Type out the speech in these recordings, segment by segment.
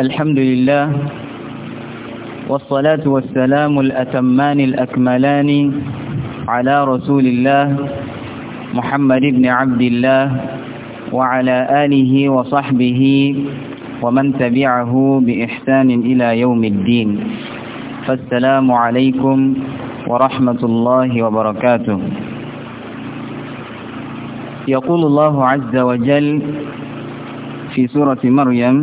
الحمد لله والصلاة والسلام الأتمان الأكملان على رسول الله محمد بن عبد الله وعلى آله وصحبه ومن تبعه بإحسان إلى يوم الدين فالسلام عليكم ورحمة الله وبركاته يقول الله عز وجل في سورة مريم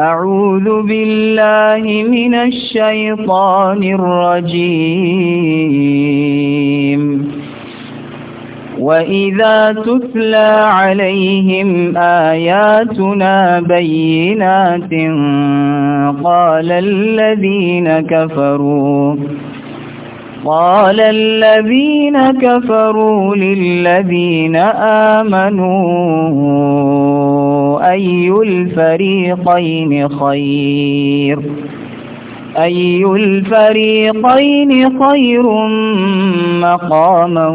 أعوذ بالله من الشيطان الرجيم وإذا تتلى عليهم آياتنا بينات قال الذين كفروا قال الذين كفروا للذين آمنوا أي الفريقين خير أي الفريقين خير مقاما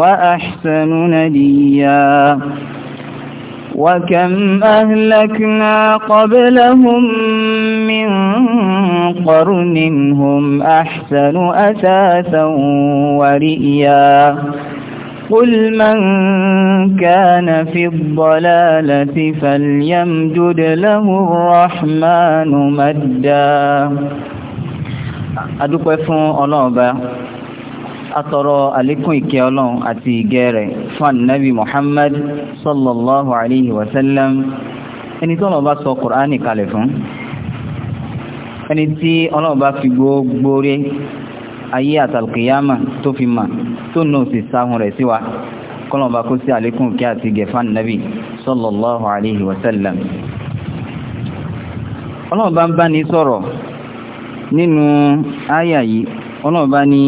وأحسن نديا وكم أهلكنا قبلهم من قرن هم أحسن أثاثا ورئيا قل من كان في الضلالة فليمدد له الرحمن مدا أدوك فون الله atọrọ àlékún ìkẹ́ ọlọ́run àti ìgẹ́ rẹ̀ fún ànábì Muhammad sallallahu alayhi wa sallam ẹni tó lọ́ba sọ kùránì kalẹ̀ fún ẹni tí ọlọ́ba fi gbogbo rí ayé àtàlùkìyàmà tó fi mà tó nù sí sáhùn rẹ̀ sí wa kọlọ̀ba kó sí àlékún ìkẹ́ àti ìgẹ́ fún ànábì sallallahu alayhi wa sallam ń bá ní sọ̀rọ̀ nínú áyà yìí ní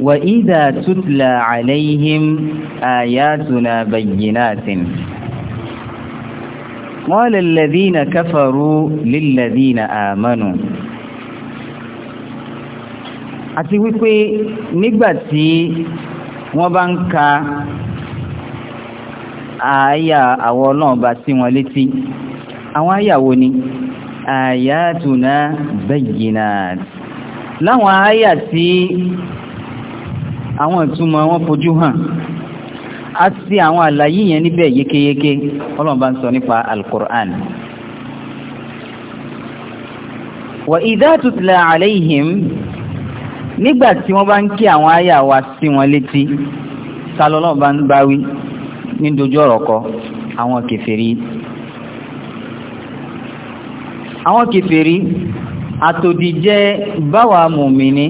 وإذا تتلى عليهم آياتنا بينات قال الذين كفروا للذين آمنوا àti wípé nígbàtí wọ́n bá ń ka àáyà àwọn ọlọ́run bá sí wọn létí àwọn àyàwó ni àyàtùnà bayyinat láwọn àyà tí àwọn ìtumọ̀ wọn fojú hàn a sí àwọn àlàyé yẹn níbẹ̀ yékéyéké ọlọ́run bá ń sọ nípa alukur'an wa idha tutla alayhim nígbà tí wọ́n bá ń kí àwọn àyà wa sí wọn létí sálọ́lọ́ bá ń báwí ní dojú ọ̀rọ̀ kọ àwọn kèfèrí àwọn kèfèrí àtòdì jẹ́ báwa mùmíní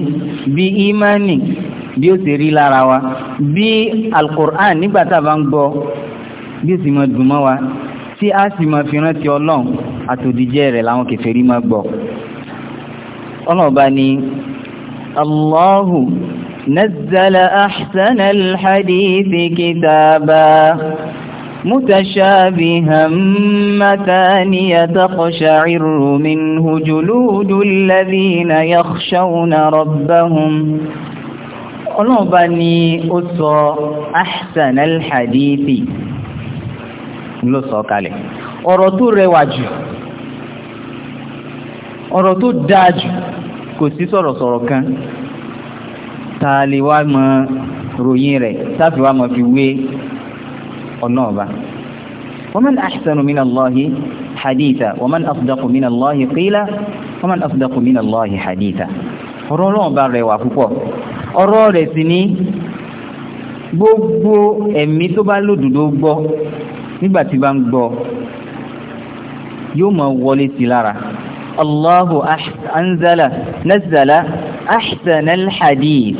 bí ìmánì bí ó ṣe rí lára wa bí alukur'an nígbà tá a bá ń gbọ́ bí ó sì máa dùn mọ́ wa tí a sì máa fi rántí ọlọ́run àtòdíjẹ́ rẹ̀ láwọn kèfèrí máa gbọ́ متشابها مثانية تقشعر منه جلود الذين يخشون ربهم ọlọ́run bá ní ó sọ ahsan al-hadithi ló sọ kalẹ̀ ọ̀rọ̀ tó rẹwà jù ọ̀rọ̀ tó dáa jù kò sí sọ̀rọ̀sọ̀rọ̀ kan ta lè wá mọ ròyìn rẹ̀ táfi wá mọ fi wé ọlọ́run ومن أحسن من الله حديثا ومن أصدق من الله قيلا ومن أصدق من الله حديثا ọ̀rọ̀ náà bá rẹwà púpọ̀ ọ̀rọ̀ rẹ̀ sì ní gbogbo ẹ̀mí tó bá lòdòdó gbọ́ nígbà tí bá ń gbọ́ yóò máa wọlé sí lára allahu anzala nazala ahsana alhadith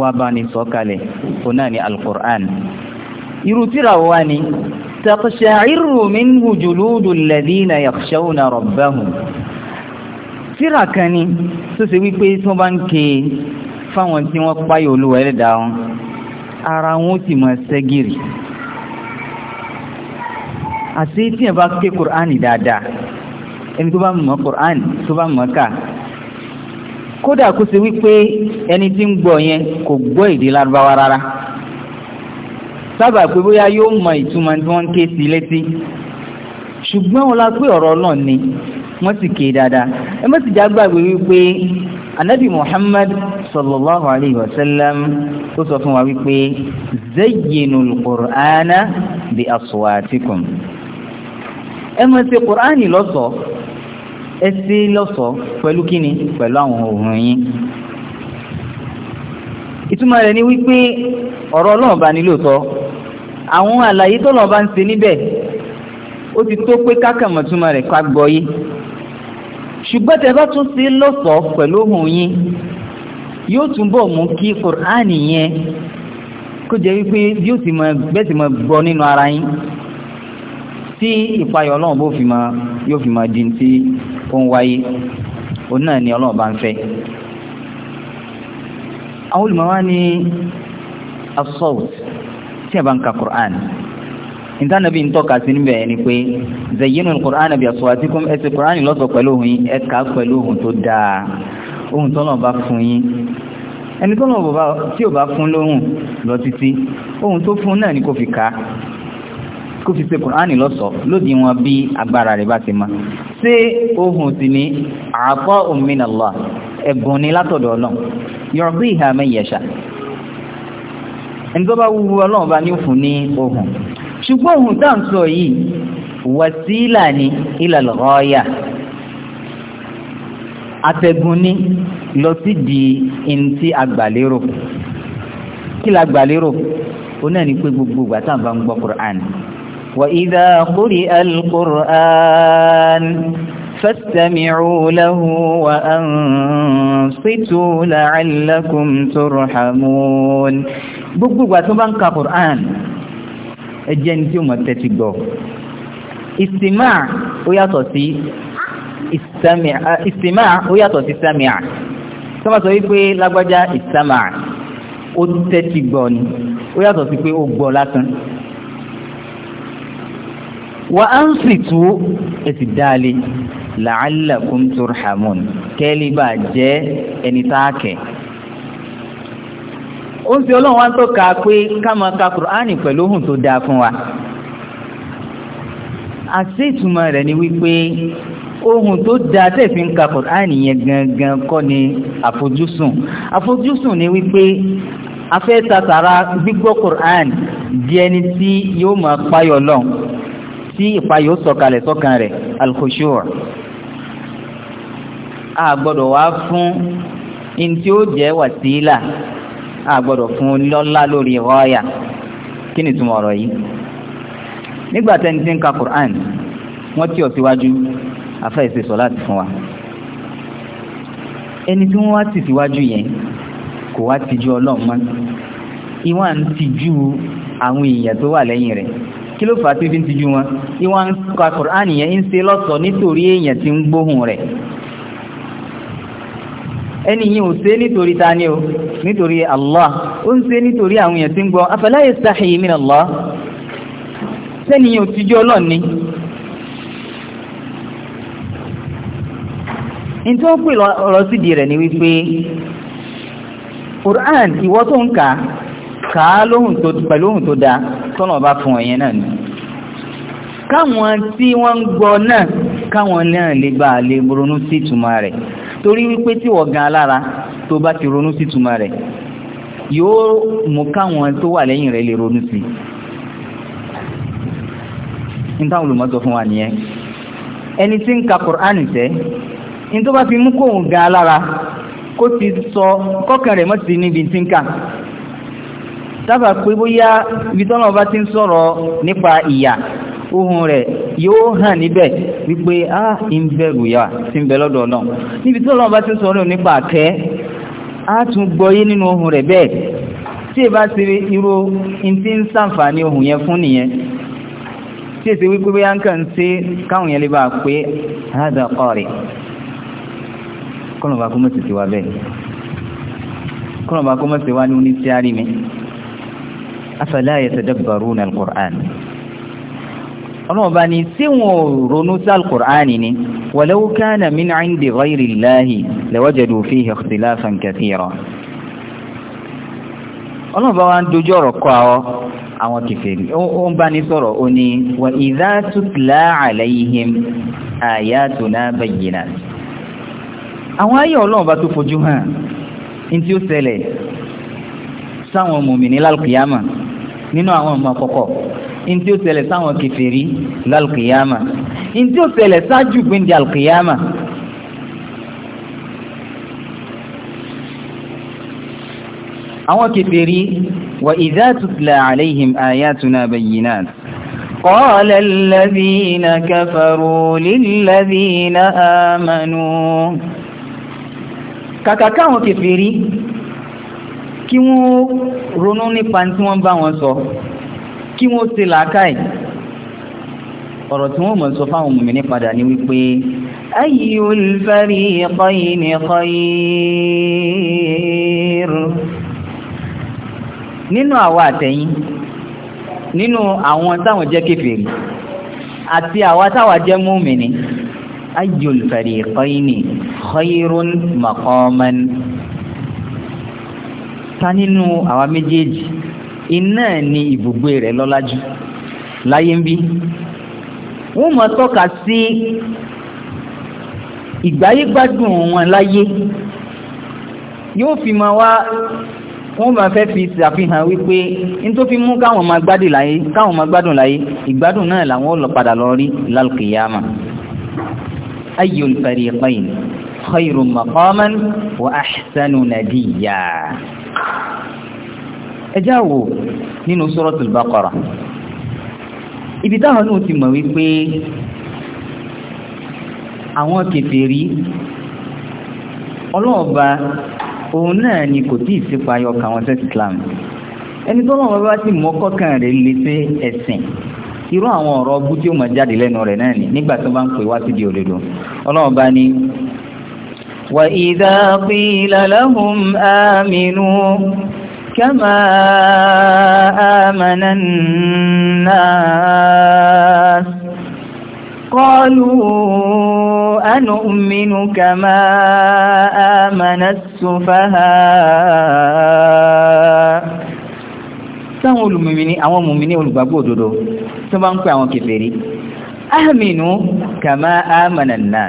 wa bá ní sọ̀kalẹ̀ kò náà alkur'an irú tíra wa ni taqsha'iru minhu juludul ladina yakhshawna rabbahum Sira kan ni tó ṣe wípé tí wọ́n bá ń ke fáwọn tí wọ́n páyà olúwa ẹlẹ́dà wọn ara wọn ó sì mọ̀ ṣẹ́gìrì àti tí ẹ bá ké kùránì dáadáa ẹni tó bá mọ̀ kùránì tó bá mọ̀ ká kódà kó ṣe wípé ẹni tí ń gbọ́ yẹn kò gbọ́ èdè lárúbáwá rárá sábà pé bóyá yóò mọ ìtumọ̀ tí wọ́n ń ké sí létí ṣùgbọ́n wọn la pé ọ̀rọ̀ náà ni wọ́n sì ké dáadáa ẹ má sì já gbàgbé wípé anabi muhammad sallallahu alayhi wa sallam tó sọ fún wa wípé zayyinul qur'ana bi aswatikum ẹ má ṣe qur'ani lọ́ṣọ̀ọ́ ẹ ṣe lọ́ṣọ̀ọ́ pẹ̀lú kíni pẹ̀lú àwọn ohùn yín ìtumọ̀ rẹ̀ ni wípé ọ̀rọ̀ ọlọ́run bá ní lóòótọ́ àwọn àlàyé tọ́lọ́run bá ń ṣe níbẹ̀ ó ti tó pé kákàmọ̀túmọ̀ rẹ̀ ká gbọ́ yé ṣùgbọ́n tẹ́ bá tún sí lọ́sọ̀ọ́ pẹ̀lú ohùn yín yóò túnbọ̀ mú kí kùránì yẹn kó jẹ́ wípé yóò sì mọ bẹ́ẹ̀ sì mọ gbọ́ nínú ara yín tí ìpayọ̀ ọlọ́run bó fi mọ yóò fi mọ di tí ó ń wáyé òun náà ni ọlọ́run bá ń fẹ́. àwọn olùmọ̀ wá ní assault tí a bá ń ka kùránì ìtànàbí ń tọ́ka sí níbẹ̀ ni pé zayyinu al-Qur'ana bi aswatikum ẹsẹ̀ Qur'ani lọ́sọ̀ pẹ̀lú ohùn yín ẹ̀ka pẹ̀lú ohùn tó dáa ohùn tó náà bá fún yín ẹni tó náà tí ò bá fún lóhùn lọ títí ohùn tó fún náà ni kò fi ka kó fi ṣe kùránì lọ́sọ̀ lódì wọn bí agbára rẹ̀ bá ti ma ṣé ohun sì ni àkọ́ òmìnàlá ẹ̀bùn ni látọ̀dọ̀ ọlọ́run yọ̀rọ̀bí ìhà mẹ́yẹ̀ṣà ẹni tó bá wúwo ọlọ́run bá ní fún ní ohun ṣùgbọ́n ohun tá à ń sọ yìí wàsílà ni ìlàlọ́ọ̀yà atẹ́gùn ní lọ sí di ntí agbàlérò kí la gbàlérò ó náà ní pé gbogbo ìgbà tá à ń bá ń gbọ́ Qur'an wa idha quri'a al-Qur'an fastami'u lahu wa ansitu la'allakum turhamun gbogbo ìgbà tó bá ń ka Qur'an ẹjẹ́ ni tí ó mọ̀ tẹ́tí gbọ́ ìsìmá ó yàtọ̀ sí ìsìmá ó yàtọ̀ sí sàmìà tó bá sọ wípé lágbájá ìsàmà ó tẹ́tí gbọ́ ni ó yàtọ̀ sí pé ó gbọ́ lásán wa an situ esi daale la'allakum turhamun kẹ́lí bá jẹ́ ẹni tá a kẹ́ ó ń fi ọlọ́run wá ń tó kà á pé ká máa ka kùránì pẹ̀lú ohùn tó dáa fún wa àti ìtumọ̀ rẹ̀ ni wípé ohun tó dáa tẹ̀fí ń ka kùránì yẹn gangan kọ́ ni àfojúsùn àfojúsùn ni wípé afẹ́ tatara gbígbọ́ kùránì di ẹni tí yóò máa páyọ̀ lọ́n tí ìpayọ̀ sọ̀kalẹ̀ sọ́kan rẹ̀ alkhushu' a gbọ́dọ̀ wá fún in tí ó jẹ́ wàsílà a gbọ́dọ̀ fún lọ́lá lórí rọ́ọ̀yà kí ni túmọ̀ ọ̀rọ̀ yìí nígbà tẹ́ni tí ń ka Qur'an wọ́n tí ọ̀ síwájú afẹ́ ìṣe sọ láti fún wa ẹni tí wọ́n wá tì síwájú yẹn kò wá tìjú ọlọ́run mọ́ ìwà ń tìjú àwọn èèyàn tó wà lẹ́yìn rẹ̀ kí ló fà á tí fi ń tìjú wọn ìwà ń ka Qur'an yẹn ń ṣe lọ́sọ̀ọ́ nítorí èèyàn tí ń gbóhùn rẹ̀ ẹni yìí ò ṣe nítorí ta o nítorí Allah ó ń ṣe nítorí àwọn èèyàn tí ń gbọ́ Allah sẹ́ni yìí ò ni. nítorí wọ́n pè lọ ni wípé Qur'an ìwọ tó ń ka kà á tó pẹ̀lú tọ́nà ọba fún ọ̀yẹn náà ni káwọn tí wọ́n ń gbọ́ náà káwọn torí wípé tí wọ́n gan alára tó bá ti ronú sí túmọ̀ rẹ̀ yóò mú káwọn tó wà lẹ́yìn rẹ̀ lè ronú sí ní táwọn olùmọ́sọ fún wa nìyẹn ẹni tí ń ka Kùránì tẹ́ ní tó bá fi mú kóhùn gan alára kó ti sọ kọ́kàn rẹ̀ mọ́ sí níbi tí ń kà sábà pé bóyá ibi tọ́lọ́ bá ti ń sọ̀rọ̀ nípa ìyà ohun rẹ̀ yóò hàn níbẹ̀ wípé a ń bẹ̀rù yà sí ń bẹ lọ́dọ̀ náà níbi tí ọlọ́run bá ti sọ̀rọ̀ nípa àkẹ́ a tún gbọ́yé nínú ohun rẹ̀ bẹ́ẹ̀ tí ẹ bá ti rí irú tí ń sàǹfààní ohun yẹn fún nìyẹn tí èsì wípé bóyá ń kàn sí káwọn yẹn lè bá pé hádà ọ̀rẹ́ kọ́nà bá kó mọ̀ bẹ́ẹ̀ kọ́nà bá kó mọ̀ ní oníṣẹ́ àrí mi afẹ́láyẹ̀ tẹ́dẹ́gbàrún al ọlọ́run bá ní tí wọn ò ronú sí alukur'ani ni walau kana min indi ghayri llahi lawajadu fihi ikhtilafan kathira ọlọ́run bá wá ń dojú ọ̀rọ̀ kọ àwọ àwọn kìfèrí ó ń bá ní sọ̀rọ̀ ó ní wa idha tutla alayhim ayatuna tó fojú hàn ní nínú àwọn ọmọ àkọ́kọ́ ntí ó ṣẹlẹ̀ sáwọn kèfèrí lálùkìyàmà ntí ó ṣẹlẹ̀ sáájú gbẹndé àlùkìyàmà. àwọn kèfèrí wà idha tutla alayhim ayatuna bayyinat. قال الذين كفروا للذين آمنوا kàkà káwọn كفيري kí wọ́n ronú nípa kí wọ́n ṣe làákàyè ọ̀rọ̀ tí wọ́n mọ̀ sọ fáwọn mùmínì padà ní wípé ayyul fariqayni khayr nínú àwa àtẹ̀yìn nínú àwọn táwọn jẹ́ kéfèrí àti àwa táwa jẹ́ mùmínì ayyul fariqayni khayrun maqaman ta nínú àwa méjèèjì iná ni ibùgbé rẹ̀ lọ́lájú láyé ń bí wọ́n mọ̀ tọ́ka sí ìgbáyégbádùn wọn láyé yóò fi máa wá wọ́n máa fẹ́ fi ṣàfihàn wípé n tó fi mú káwọn máa gbádùn láyé káwọn máa gbádùn láyé ìgbádùn náà làwọn ò lọ padà lọ rí lálùkìyàmà ayyul fariqayn khayrun maqaman wa ẹjá wò nínú Suratul Baqara ibi táwọn náà ti mọ̀ wípé àwọn kèfèrí ọlọ́ọ̀ba òun náà ni kò tí ì sípa ayọ̀ kàwọn sẹ́sì Islam ẹni tó lọ́wọ́ bá sì mọ́ kọ́kàn rẹ̀ lè sí ẹ̀sìn irú àwọn ọ̀rọ̀ ọgbú tí ó máa jáde lẹ́nu rẹ̀ náà ni nígbà tó bá ń pè wá síbi òdodo ọlọ́run bá ní. وَإِذَا قِيلَ لَهُمْ آمِنُوا كما آمن الناس قالوا أنؤمن كما آمن السفهاء sáwọn olùmìnì àwọn mùmìnì olùgbàgbọ́ òdodo tó bá ń pè àwọn kèfèrí ámìnú kàmá ámànà náà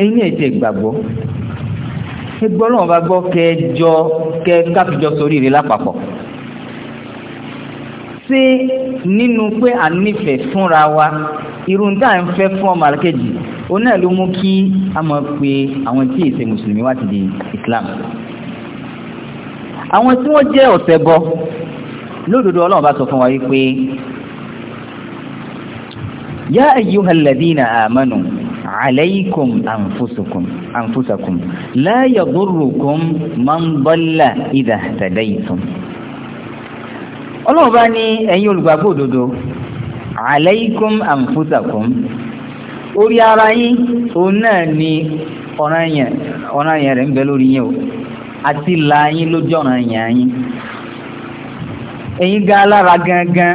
ẹ̀yin ẹ̀jẹ̀ gbàgbọ́ ẹgbọ́n náà gbọ́ kẹjọ kẹ́ káfíjọ sórí rẹ̀ lápapọ̀ ṣé nínú pé à ń nífẹ̀ẹ́ fúnra wa irun tá à ń fẹ́ fún ọmọ àlùkejì ó náà ló mú kí a mọ̀ pé àwọn tí èsè mùsùlùmí wá ti di Islam àwọn tí wọ́n jẹ́ ọ̀sẹ̀ bọ lódodo ọlọ́run bá sọ fún wa yìí pé yá ayyuhal ladina amanu. عليكم أنفسكم أنفسكم لا يضركم من ضل إذا اهتديتم ọlọ́run bá ní ẹ̀yin olùgbàgbọ́ òdodo aleikum anfusakum orí ara yín òun náà ni ọ̀ràn yẹn rẹ̀ ń bẹ lórí yín o àti là yín lójú ọ̀ràn yẹn yín ẹ̀yin gan alára gangan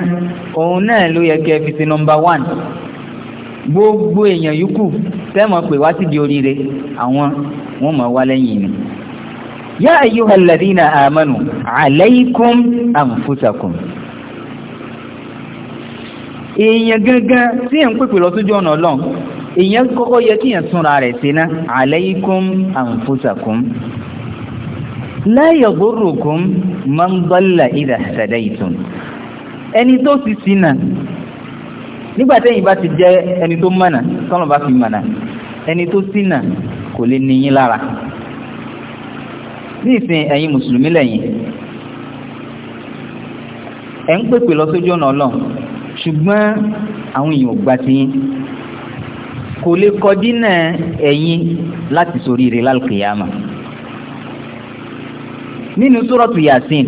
òun náà ló yẹ kí ẹ fi sí nọmba one gbogbo èèyàn yòókù tẹ́mọ̀ pé wá síbi oríire àwọn wọn mọ̀ wá lẹ́yìn ni. yá ayyuhal ladina amanu alaykum anfusakum. èèyàn gangan tí èèyàn ń pèpè lọ ọ̀nà ọlọ́run èèyàn kọ́kọ́ yẹ kí èèyàn túnra rẹ̀ sí ná alaykum anfusakum. la yadurrukum man dalla idha hadaytum. ẹni tó ti sí náà nígbàtẹ́ yìí bá ti jẹ́ ẹni tó mọ̀nà tọ́nà bá fi mọ̀nà ẹni tó ṣìnà kò lè níyín lára ní ìsìn ẹ̀yin mùsùlùmí lẹ́yìn ẹ̀ ń pèpè lọ sójú ọ̀nà ọlọ́run ṣùgbọ́n àwọn èèyàn ò gbà ti yín kò lè kọdínà ẹ̀yin láti ṣoríire lálùkìyàmà nínú sórọ̀tù Yasin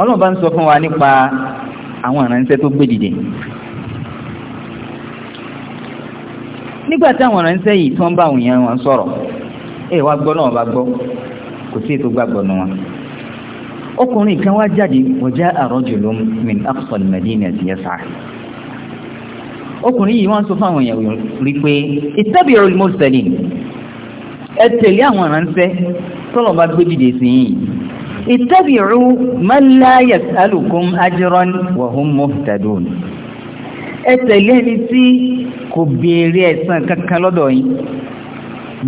ọlọ́run bá ń sọ fún wa nípa àwọn ìránṣẹ́ tó gbé dìde nígbà tí àwọn ìránṣẹ́ yìí tí wọ́n bá àwọn èèyàn wọn sọ̀rọ̀ ẹ wá gbọ́ náà wá gbọ́ kò sí ètò gbàgbọ́ nù wọn. ọkùnrin kan wá jáde wọjá rajulun min aqsal madinati yas'a ọkùnrin yìí wọ́n sọ fún àwọn èèyàn rí pé ittabi'ul mursalin ẹ tẹ̀lé àwọn ìránṣẹ́ tọ́lọ̀ bá gbé dìde sí yìí اتبعوا من لا يسألكم أجرا وهم مهتدون اتلهني سي كبيري اسمان ككالو دوين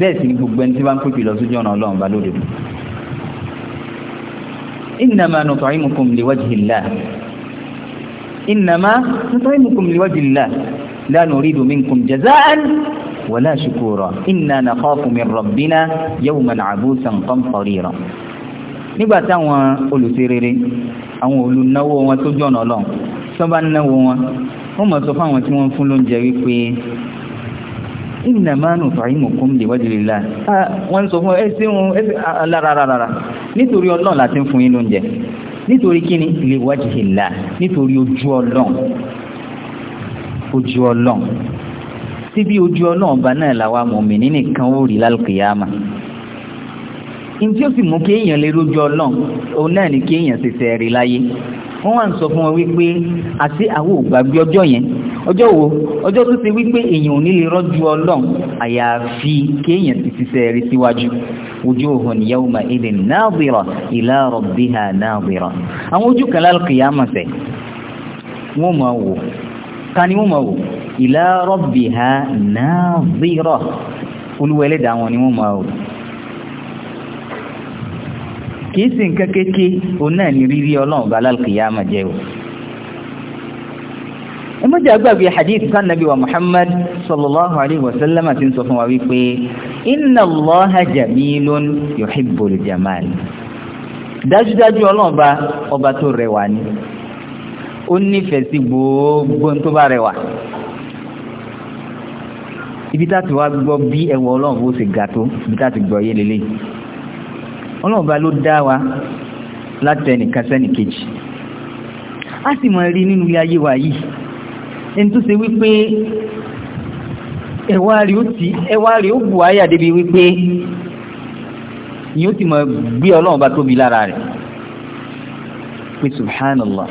بسي بقبن سيبان كوكي لو سجون الله بلودي إنما نطعمكم لوجه الله إنما نطعمكم لوجه الله لا نريد منكم جزاء ولا شكورا إنا نخاف من ربنا يوما عبوسا قمطريرا nígbà táwọn olùsèrèrè àwọn olùnáwó wọn tó jọ̀nà lọ tó bá náwó wọn wọ́n mọ̀ sọ fáwọn tí wọ́n fún lóúnjẹ wípé inna ma nu fahimu kum li wajhi llah wọ́n sọ fún ẹ ṣe wọn ẹ ṣe alárararara nítorí ọlọ́run láti fún yín lóúnjẹ nítorí kíni li wajhi llah nítorí ojú ọlọ́run ojú ọlọ́run síbi ojú ọlọ́run bá náà làwa mọ̀mí nínú ó rí lálùkìyàmà in tí ó sì mú kéèyàn lè rójú ọlọ́n òun náà ni kéèyàn ti sẹ̀rì láyé wọ́n wá ń sọ fún wọn wípé àti àwọn ògbàgbé ọjọ́ yẹn ọjọ́ wo ọjọ́ tó ti wípé èèyàn ò ní lè rọ́jú ọlọ́n àyàfi kéèyàn ti ṣiṣẹ́ rí síwájú wujuhun yawma idhin nadira ila rabbiha nadira àwọn ojú kan lálùkìyàmọ̀ sẹ̀ wọ́n máa wò ta ni wọ́n máa wò ila rabbiha nadira olúwẹ̀lẹ́dà wọn ni wọ́n máa wò kìí sì ń kékeré òun náà ní rírí ọlọ́run bá lálùkìyàmà jẹ́ o ìmọ̀jẹ̀ agbábi hadith sannabi wa muhammad sallallahu alayhi wa sallam ti ń sọ fún wa wípé inna allaha jamilun yuhibbul jamal dájúdájú ọlọ́run bá ọba tó rẹwà ni ó nífẹ̀ẹ́ sí gbogbo tó bá rẹwà ibi tá ti wá gbọ́ bí ẹwà ọlọ́run bó ṣe ga tó ibi tá ti gbọ́ yé lélẹ́yìí ọlọ́ọ̀bá ló dá wa láti ẹnìkan sẹ́nì kejì a sì mọ̀ rí nínú ilé ayé wa yìí ẹni tó ṣe wípé ẹwà rí ó ti ẹwà rí ó bù ayà débi wípé yóò ti mọ̀ gbé ọlọ́ọ̀bá tóbi lára rẹ̀ pé subhanallah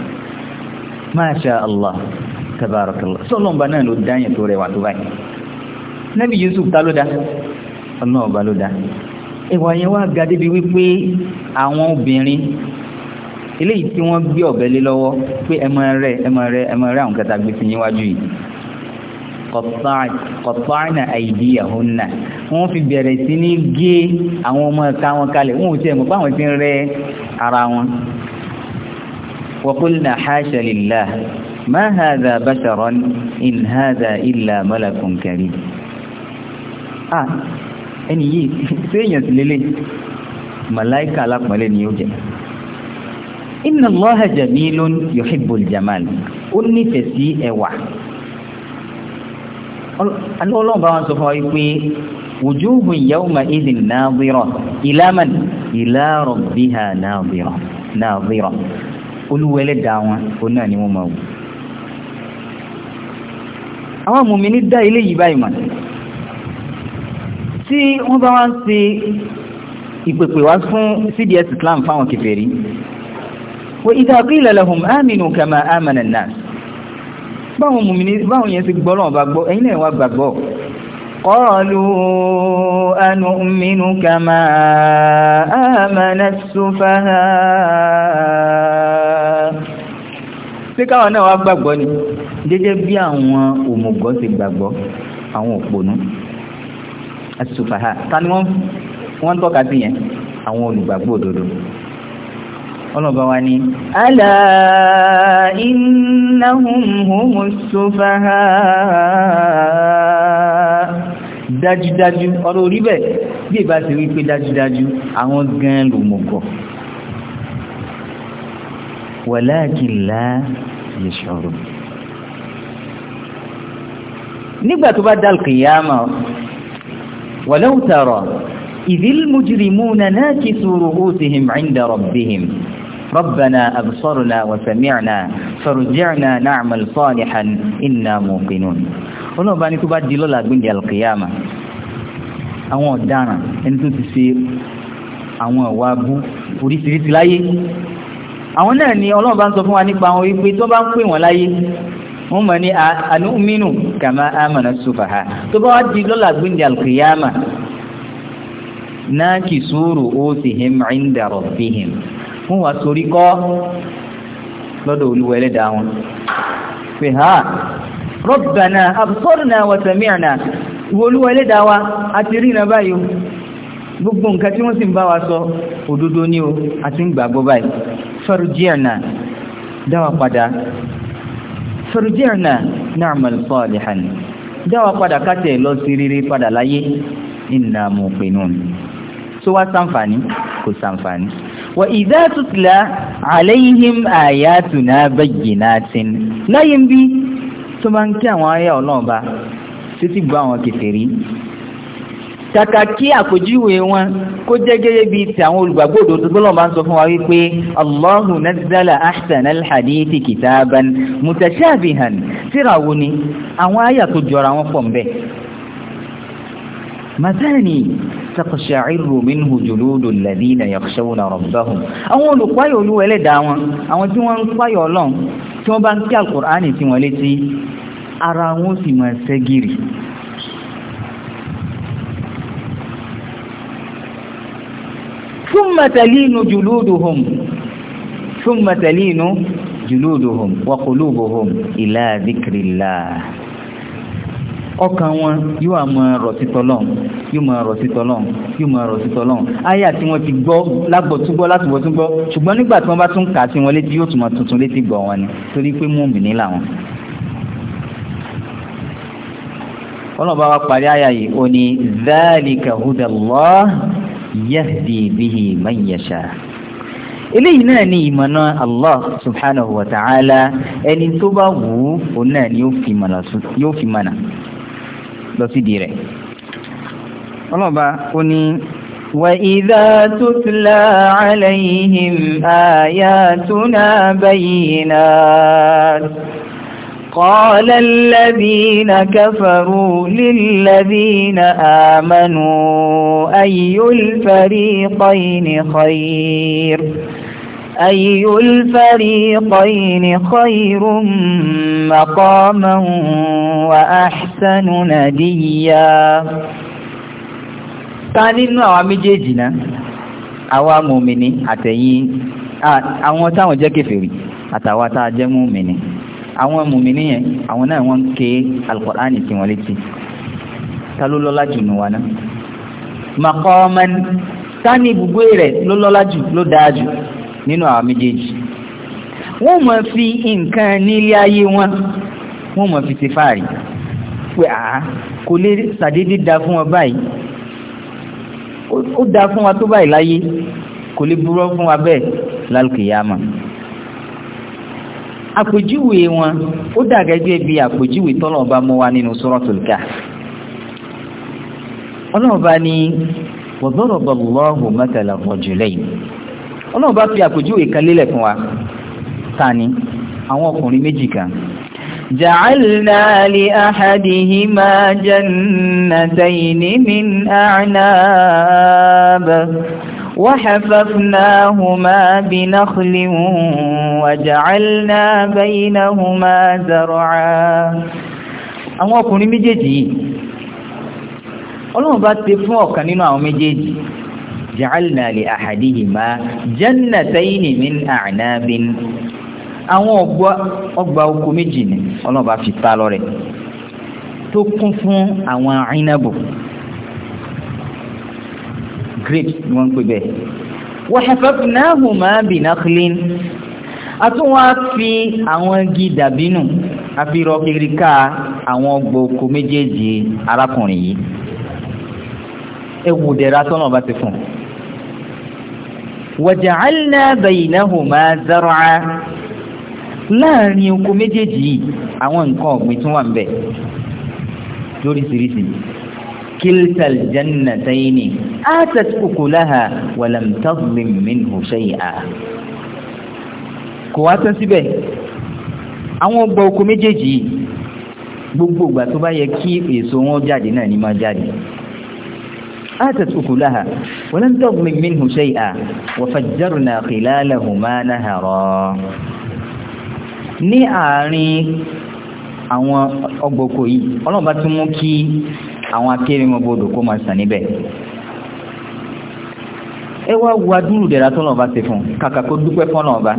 masha allah tabarakallah sọlọ́ọ̀bá náà ló dáyẹ̀ tó rẹwà tó báyìí nábì yusuf ta ló dá ọlọ́ọ̀bá ló dá ìwà yẹn wá ga débi wípé àwọn obìnrin eléyìí tí wọ́n gbé ọ̀bẹ lé lọ́wọ́ pé ẹ máa rẹ ẹ máa rẹ ẹ máa rẹ àwọn kẹta gbé sí níwájú yìí kọ̀tọ́ọ̀nà àìdí àhúnà wọ́n fi bẹ̀rẹ̀ sí ní gé àwọn ọmọ ẹ̀ka wọn kalẹ̀ wọ́n ò tiẹ̀ mọ̀ báwọn ti ń rẹ ara wọn. وقلنا حاشا لله ما هذا بشرا إن هذا إلا ملك كريم. آه ẹni yìí ṣé èèyàn sì lélẹ̀ màláìka alápọ̀nlé ni yóò jẹ́ inna Allaha jamilun yuhibbul jamal ó nífẹ̀ẹ́ sí ẹwà alọ́lọ́run bá wọn sọ fún wa pé wujuhun yawma idhin nadhira ila man ila rabbiha nadhira nadhira olúwẹ̀lẹ̀ dá wọn ó náà ni wọ́n máa wù. àwọn mùmíní dá ilé yìí báyìí mọ̀ tí wọ́n bá wá ń ṣe ìpèpè wá fún cds islam fáwọn kèfèrí wa idha qila lahum aminu kama amana an-nas báwọn mùmìnì báwọn yẹn ti gbọ́ lọ́wọ́ bá gbọ́ ẹ̀yin náà wá gbàgbọ́ qalu anu'minu kama amana as-sufaha ṣé káwọn náà wá gbàgbọ́ ni gẹ́gẹ́ bí àwọn òmùgọ̀ ti gbàgbọ́ àwọn òpònú as-sufaha ta ni wọ́n tọ́ka sí yẹn àwọn olùgbàgbọ́ òdodo ọlọ́ba wa ni alá innahum humus sufaha dájúdájú ọ̀rọ̀ orí bẹ̀ bí ìbá ti wípé dájúdájú àwọn gan lòmùgọ̀ walakin la yash'urun nígbà tó bá dálkìyàmà ولو ترى إذ المجرمون ناكسوا رؤوسهم عند ربهم ربنا أبصرنا وسمعنا فرجعنا نعمل صالحا إنا موقنون ولو باني كبات جلولا قند القيامة àwọn ọ̀daràn ẹni tó ti ṣe àwọn ọ̀wà bú oríṣiríṣi láyé àwọn náà ni Ọlọ́run bá ń sọ fún wa nípa àwọn wípé tó bá ń pè wọ́n láyé wọ́n mọ̀ ní àánúmínú kàmá àmàna sùfàhà tó bá wá di lọ́la gbíndì alkiyama náà kì sùúrù ó sì him inda rabbihim fún wa sórí kọ́ lọ́dọ̀ olúwẹ̀lẹ́ dáhùn fi ha rabbana absorna wa sami'na olúwẹ̀lẹ́ dáwà àti rí náà báyìí gbogbo nǹkan tí wọ́n sì ń bá wa sọ òdodo ní o àti ń gbàgbọ́ báyìí farji'na dáwà padà farji'na na'mal salihan dáwà pada kátẹ̀ lọ sí pada padà inna muqinun tó wá sàǹfààní kò sàǹfààní wa idha tutla alayhim ayatuna bayyinatin láyé ń bí tó máa ń kí àwọn ayé ọlọ́ọ̀ba títí gbọ́ àwọn kàkà kí àpèjúwe wọn kó jẹ́ gẹ́gẹ́ bí ti àwọn olùgbàgbọ́ òdodo tó lọ́wọ́ bá ń sọ fún wa wípé Allahu nazzala ahsana al-hadithi kitaban mutashabihan sírawo ni àwọn àyà tó jọra wọn pọ̀ mbẹ́ masani taqsha'iru minhu juludu alladhina yakhshawna rabbahum àwọn olùpáyọ̀ olúwa ẹlẹ́dàá wọn àwọn tí wọ́n ń páyọ̀ ọlọ́run tí wọ́n bá ń kí alkùránì tí wọ́n ara wọn sì máa ṣẹ́gìrì ثم تلين جلودهم ثم تلين جلودهم وقلوبهم إلى ذكر الله ọkàn wọn yóò máa rọ̀ sí tọ́lọ́n yóò máa rọ̀ sí tọ́lọ́n yóò máa rọ̀ sí tọ́lọ́n àyà tí wọ́n ti gbọ́ lágbọ̀túgbọ́ látùbọ̀túgbọ́ ṣùgbọ́n nígbà tí wọ́n bá tún kà á sí wọn létí yóò tún máa tuntun létí gbọ̀ wọn ni torí pé mùmínì làwọn. ọlọ́run bá wa parí àyà yìí ó ní zálìkà húdà yahdi bihi man yasha eléyìí náà ni ìmọ̀nà allah subhanahu wa ta'ala ẹni tó bá wù ú òun náà ni yóò fi mọ̀nà lọ sídìí rẹ̀ ọlọ́ba ó ní. وَإِذَا تُتْلَى عَلَيْهِمْ آيَاتُنَا بَيِّنَاتٍ قال الذين كفروا للذين آمنوا أي الفريقين خير أي الفريقين خير مقاما وأحسن نديا ta nínú àwọn méjèèjì náà àwa mùmìnì àtẹ̀yìn àwọn táwọn jẹ́ kèfèrí àtàwa tá a jẹ́ mùmìnì àwọn mùmíní yẹn àwọn náà wọ́n ń ké alkùránì tí wọ́n létí ta ló lọ́lá jù nù wa náà maqaman tani ibùgbé rẹ̀ ló lọ́lá jù ló dáa jù nínú àwọn méjèèjì wọ́n mọ̀ fi nǹkan nílé ayé wọn wọ́n mọ̀ fi ṣe fáàrí pé àá kò lè ṣàdédé da fún wa báyìí ó da fún wa tó báyìí láyé kò lè burú fún wa bẹ́ẹ̀ lálùkìyàmà àpèjúwe wọn ó dà gẹ́gẹ́ bí àpèjúwe tọ́lọ̀ọba mú wa nínú Suratul Kahf ọlọ́ọ̀ba ni wa daraba Allahu mathalan rajulayn ọlọ́ọ̀ba fi àpèjúwe kan lélẹ̀ fún wa ta ni àwọn ọkùnrin méjì kan جعلنا لأحدهما جنتين من أعناب وحففناهما بنخل وجعلنا بينهما زرعا àwọn ọkùnrin méjèèjì yìí ọlọ́run bá ti fún ọ̀kan nínú àwọn méjèèjì ja'alna li ahadihima jannatayni min a'nabin àwọn ọgbà oko méjì ni ọlọ́run bá fi ta lọ́rẹ tó kún fún àwọn àìnàbò grapes ni wọ́n ń pè bẹ́ẹ̀ wa hafafnahuma bi nakhlin a tún wá fi àwọn igi dàbínù a fi rọ kiri ká àwọn ọgbà méjèèjì arákùnrin yìí ewu dẹ̀ra tọ́nà bá ti fún wa ja'alna baynahuma zar'a láàrin oko méjèèjì yìí àwọn nǹkan ọ̀gbìn tún wà ń bẹ lóríṣiríṣi كلتا الجنتين آتت أكلها ولم تظلم منه شيئا kò wá tán síbẹ̀ àwọn ọgbà oko méjèèjì gbogbo ìgbà tó bá yẹ kí èso wọn jáde náà ní máa jáde آتت أكلها ولم تظلم منه شيئا وفجرنا خلالهما نهرا ní àárín àwọn ọgbà oko yìí ọlọ́run bá tún mú kí àwọn akéwì mọ bodò kó máa sàn níbẹ̀ ẹ wá wá dúró dẹ̀ra tó náà bá ṣe fún kàkà kó dúpẹ́ fọ́nà ọba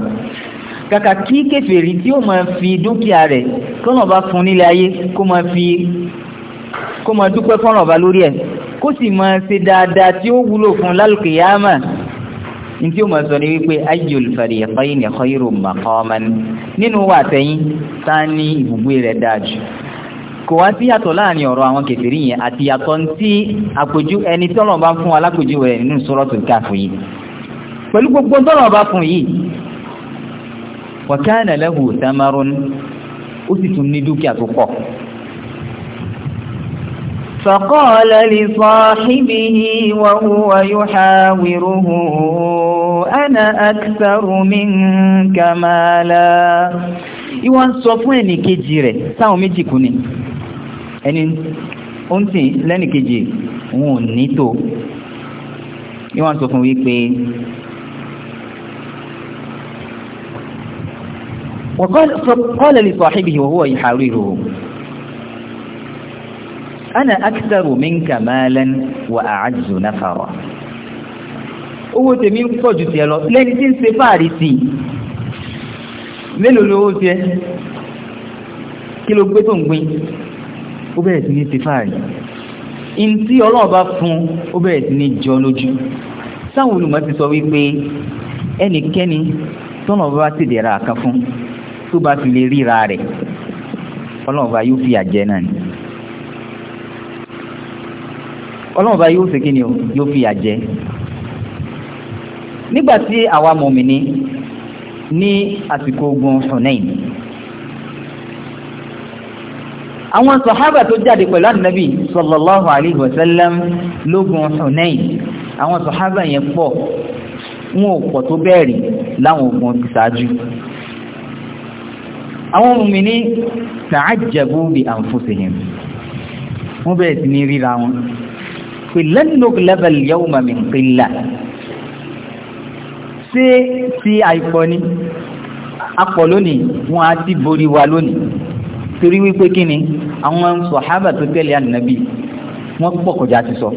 kàkà kí kèfèrí tí ó máa fi dúkìá rẹ̀ tó náà bá fún nílé ayé kó máa fi kó máa dúpẹ́ fọ́nà ọba lórí ẹ̀ kó sì máa ṣe dáadáa tí ó wúlò fún lálùkìyàmà ní tí ó máa sọ ní wípé ayyul fariqayni khayrun maqaman nínú wà tẹ́yìn tá ní ibùgbé rẹ̀ dáa jù kò wá sí yàtọ̀ láàrin ọ̀rọ̀ àwọn kèfèrí yẹn àti yàtọ̀ tí àpòjú ẹni tí ọlọ́run fún wa rẹ̀ nínú Suratul Kahf yìí pẹ̀lú gbogbo tọ́lọ́run fún yìí wa kana lahu ó sì tún ní dúkìá tó pọ̀. فقال لصاحبه وهو يحاوره أنا أكثر منك مالا sọ fún ẹnì rẹ̀ sáwọn méjì kú ni ẹni ó ń tì lẹ́nìkejì wọn ò ní tó ni wọ́n sọ fún wípé وقال لصاحبه وهو يحاوره أنا أكثر منك مالا وأعز نفرا owó tèmi ń pọ̀jù tiẹ̀ lọ lẹ́ni tí ń ṣe fáàrí sí mélòó lówó tiẹ̀ kí ló gbé tó ń gbin ó bẹ̀rẹ̀ sí ní ti fáàrí in tí ọlọ́run bá fún ó bẹ̀rẹ̀ sí ní jọ lójú sáwọn olùmọ̀ ti sọ wípé ẹnikẹ́ni tọ́nà bá ti dẹ̀ra kan fún tó bá fi lè ríra rẹ̀ ọlọ́run bá yóò fi àjẹ náà ni ọlọ́run bá yóò ṣe ni o yóò fi àjẹ nígbà tí àwa mọ̀mìnì ní àsìkò ogun Hunain àwọn sọ̀hábà tó jáde pẹ̀lú ànábì sallallahu alayhi wa sallam lógun Hunain àwọn sọ̀hábà yẹn pọ̀ wọn ò pọ̀ tó bẹ́ẹ̀ rí láwọn ogun ti ṣáájú àwọn mùmínì ta'ajjabu bi anfusihim wọ́n bẹ̀rẹ̀ sí ní ríra wọn pé lan nughlaba al-yawma min qillah ṣé ti àìpọ̀ ni apọ̀ lónìí wọn á ti borí wa lónìí torí wípé kí ni àwọn sọ̀hábà tó tẹ̀lé ànàbí wọ́n pọ̀ kọjá ti sọ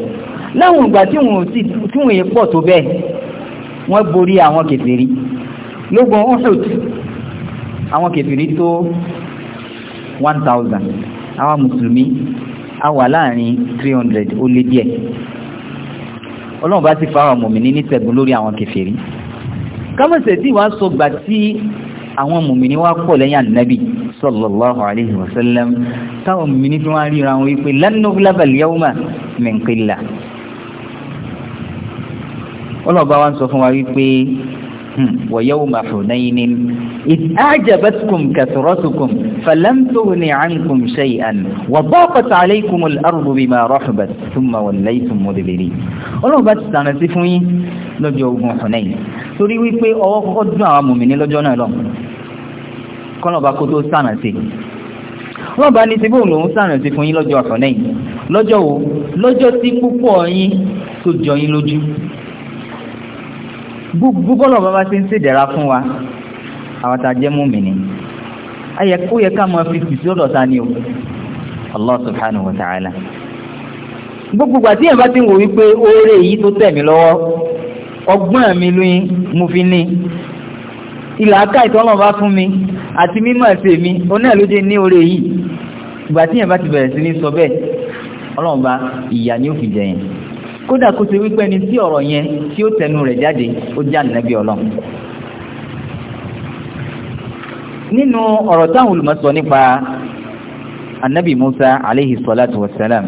láwọn ìgbà tí wọ́n yẹ pọ̀ tó bẹ́ẹ̀ wọ́n borí àwọn kèfèrí lógun Uhud àwọn kèfèrí tó 1000 àwọn mùsùlùmí a wà láàrin 300 ó lé díẹ̀ ọlọ́run bá ti fa àwọn mùmìnì ní ṣẹ́gun lórí àwọn kèfèrí kámọ̀sẹ̀ tí wàá sọ gbà tí àwọn mùmìnì wá pọ̀ lẹ́yìn ànàbí sallallahu alayhi wa sallam táwọn mímí fi wá ríra wọn wípé lánàá al-yawma min qilla ọlọ́ọ̀bá wa ń sọ fún wa wípé hmm, wa yawma Hunaynin idh a'jabatkum kathratukum falam tughni 'ankum shay'an wa daqat 'alaykum al-ardu bima rahabat thumma wallaytum mudbirin ọlọ́ọ̀bá ti sànà sí fún yín lọ́jọ́ ogun Hunayn torí wípé ọwọ́ kọ́kọ́ dún àwọn mùmí ní náà lọ́wọ́ kọ́lọ̀bá kó tó sànà sí wọ́n bá ní ti bóòlù ń sànà sí fún yín lọ́jọ́ àfọ̀nẹ́ yìí lọ́jọ́ wo lọ́jọ́ tí púpọ̀ yín tó jọ yín lójú gbogbo kọ́lọ̀bá bá ti ń ṣèdẹ̀ra fún wa àwọn tá a jẹ́ mùmínì ayẹ kó yẹ ká máa fi tìsí ọ̀dọ̀ ta ni o Allah subhanahu wa ta'ala gbogbo ìgbà tí èèyàn bá ti ń wò wípé oore yìí tó tẹ̀ mí lọ́wọ́ ọgbọ́n mi lóyún mo fi ní ìlàákà ìtọ́lọ̀ bá fún mi àti mímọ̀ ẹ̀sẹ̀ mi ó náà ló jẹ́ ní orí èyí ìgbà tí yẹn bá ti bẹ̀rẹ̀ sí ní sọ bẹ́ẹ̀ ọlọ́run bá ìyà ni ó fi jẹ yẹn kódà kó ṣe wípé ẹni tí ọ̀rọ̀ yẹn tí ó tẹnu rẹ̀ jáde ó já nẹ́bí ọlọ́run nínú ọ̀rọ̀ táwọn olùmọ̀ nípa anabi musa aleyhi salatu wa salam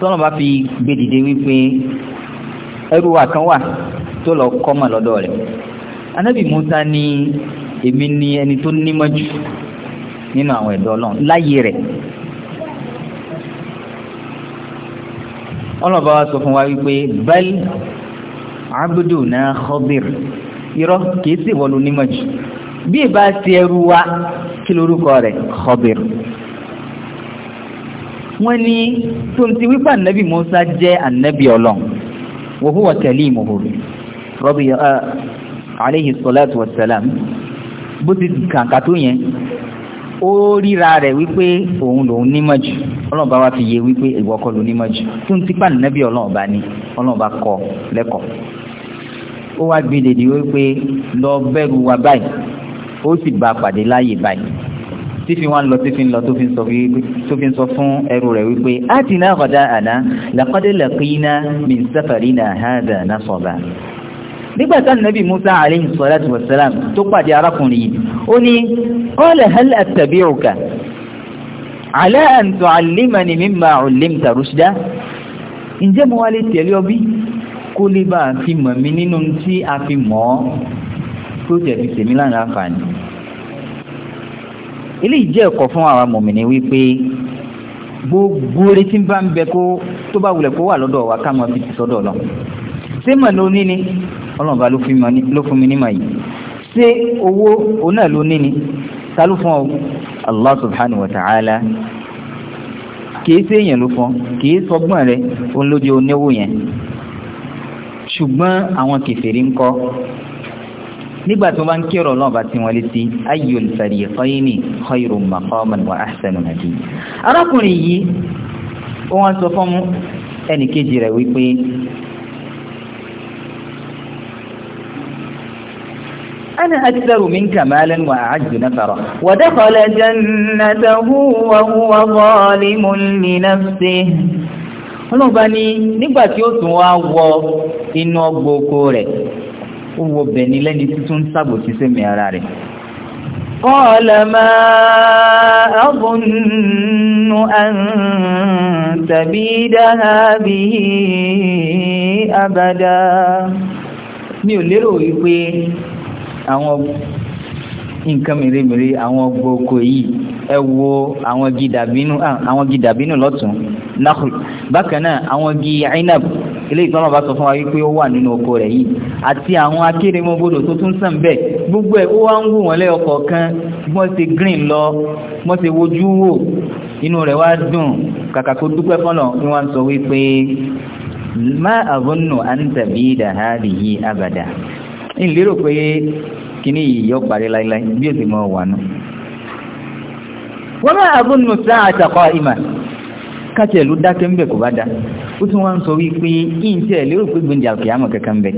tọ́lọ̀ bá fi gbé dìde wípé ẹrú wa kan wà tó lọ kọ́ lọ́dọ̀ rẹ̀ anabi musa ní èmi ní ẹni tó nímọ̀ jù nínú àwọn ẹ̀dọ́ ọlọ́run láyé rẹ̀ ọlọ́ba wa sọ fún wa wípé bal abduna khadir irọ́ kìí sì wọ́n lu nímọ̀ jù bí ìbá ti ẹrú wa kí lorúkọ rẹ̀ khadir wọ́n ní tonti wípé anabi musa jẹ́ anabi ọlọ́run wa huwa kalimuhu rọ́bì alayhi salatu wa salam bó ti kàǹkà tó yẹn ó ríra rẹ̀ wípé òun lòun nímọ̀ jù ọlọ́ọ̀bá wa fi yé wípé ìwọ kọ́ ló nímọ̀ jù tó ń tipa nàbí ọlọ́ọ̀bá ni ọlọ́ọ̀bá kọ́ lẹ́kọ̀ọ́ ó wá gbé dèdè wípé lọ bẹ́rù wa báyìí ó sì bá pàdé láàyè báyìí tífi wọn lọ tífi lọ fi sọ wípé tó fi sọ fún ẹrú rẹ̀ wípé á ti náà kọjá àná làkọ́dé làkínà min safarina hada nasaba nígbà tí Nabi Musa alayhi salatu wassalam tó pàdé arákùnrin yìí ó ní qala hal attabi'uka ala an tu'allimani mimma 'ullimta rushda ǹjẹ́ mo wá lè tẹ̀lé ọ bí kó lè bá a fi mọ̀ mí nínú tí a fi mọ̀ ọ́ tó jẹ́ fi tèmi lára àǹfààní. eléyìí jẹ́ ẹ̀kọ́ fún àwa mọ̀mìnì wípé gbogbo retí bá ń bẹ kó tó bá wulẹ̀ kó wà lọ́dọ̀ wa ká mọ̀ fi sọ́dọ̀ lọ ṣé mà ló ní ni ọlọ́run bá ló fún mi ní mà yìí ṣé owó òun náà ló ní ni ta ló fún ọ Allah subhanahu wa ta'ala kìí ṣe èèyàn ló fún ọ kìí sọgbọ́n rẹ òun ló oníwò yẹn ṣùgbọ́n àwọn kèfèrí ń kọ́ nígbà tó bá ń kí ọ̀rọ̀ náà bá ti wọlé sí ayyul fariqayni khayrun maqaman wa ahsanu nadiya arákùnrin yìí wọ́n sọ fún ẹnìkejì rẹ̀ wípé أنا أكثر منك مالا وأعز نفرا ودخل جنته وهو ظالم لنفسه ọlọ́ba ni nígbà tí ó tún wá wọ inú ọgbà oko rẹ̀ ó wọ bẹ̀ni lẹ́ni tuntun ń sàbòsí sẹ́mi ara rẹ̀ قال ما أظن أن تبيد هذه أبدا mi ò lérò wípé àwọn nǹkan mèremère àwọn ọgbọ oko yìí ẹ wo àwọn igi dàbínú àwọn igi dàbínú lọ́tún náà bákan náà àwọn igi inab ilé ìtọ́nà bá sọ fún wa wípé ó wà nínú oko rẹ̀ yìí àti àwọn akérèmọ́bodò tó tún sàn bẹ́ẹ̀ gbogbo ẹ̀ ó wá ń wù wọ́n lẹ́yọ kọ̀ọ̀kan wọ́n ṣe green lọ wọ́n ṣe wojú wò inú rẹ̀ wá dùn kàkà kó dúpẹ́ fọ́nà ni wọ́n sọ wípé má àbọ̀nù à ń tàbí ìdàhádìí abàdà ìlérò pé kíní yìí yọ parí láíláí bí o sì mọ wà nù. wọ́n máa bó nù sáà àtàkọ́ ìmà káṣẹ̀ ló dákẹ́ ń bẹ̀ kó bá dá ó tún wá ń sọ wípé ìǹtí ẹ̀ lérò pé gbòǹjà òkè àmọ̀ kankan bẹ̀.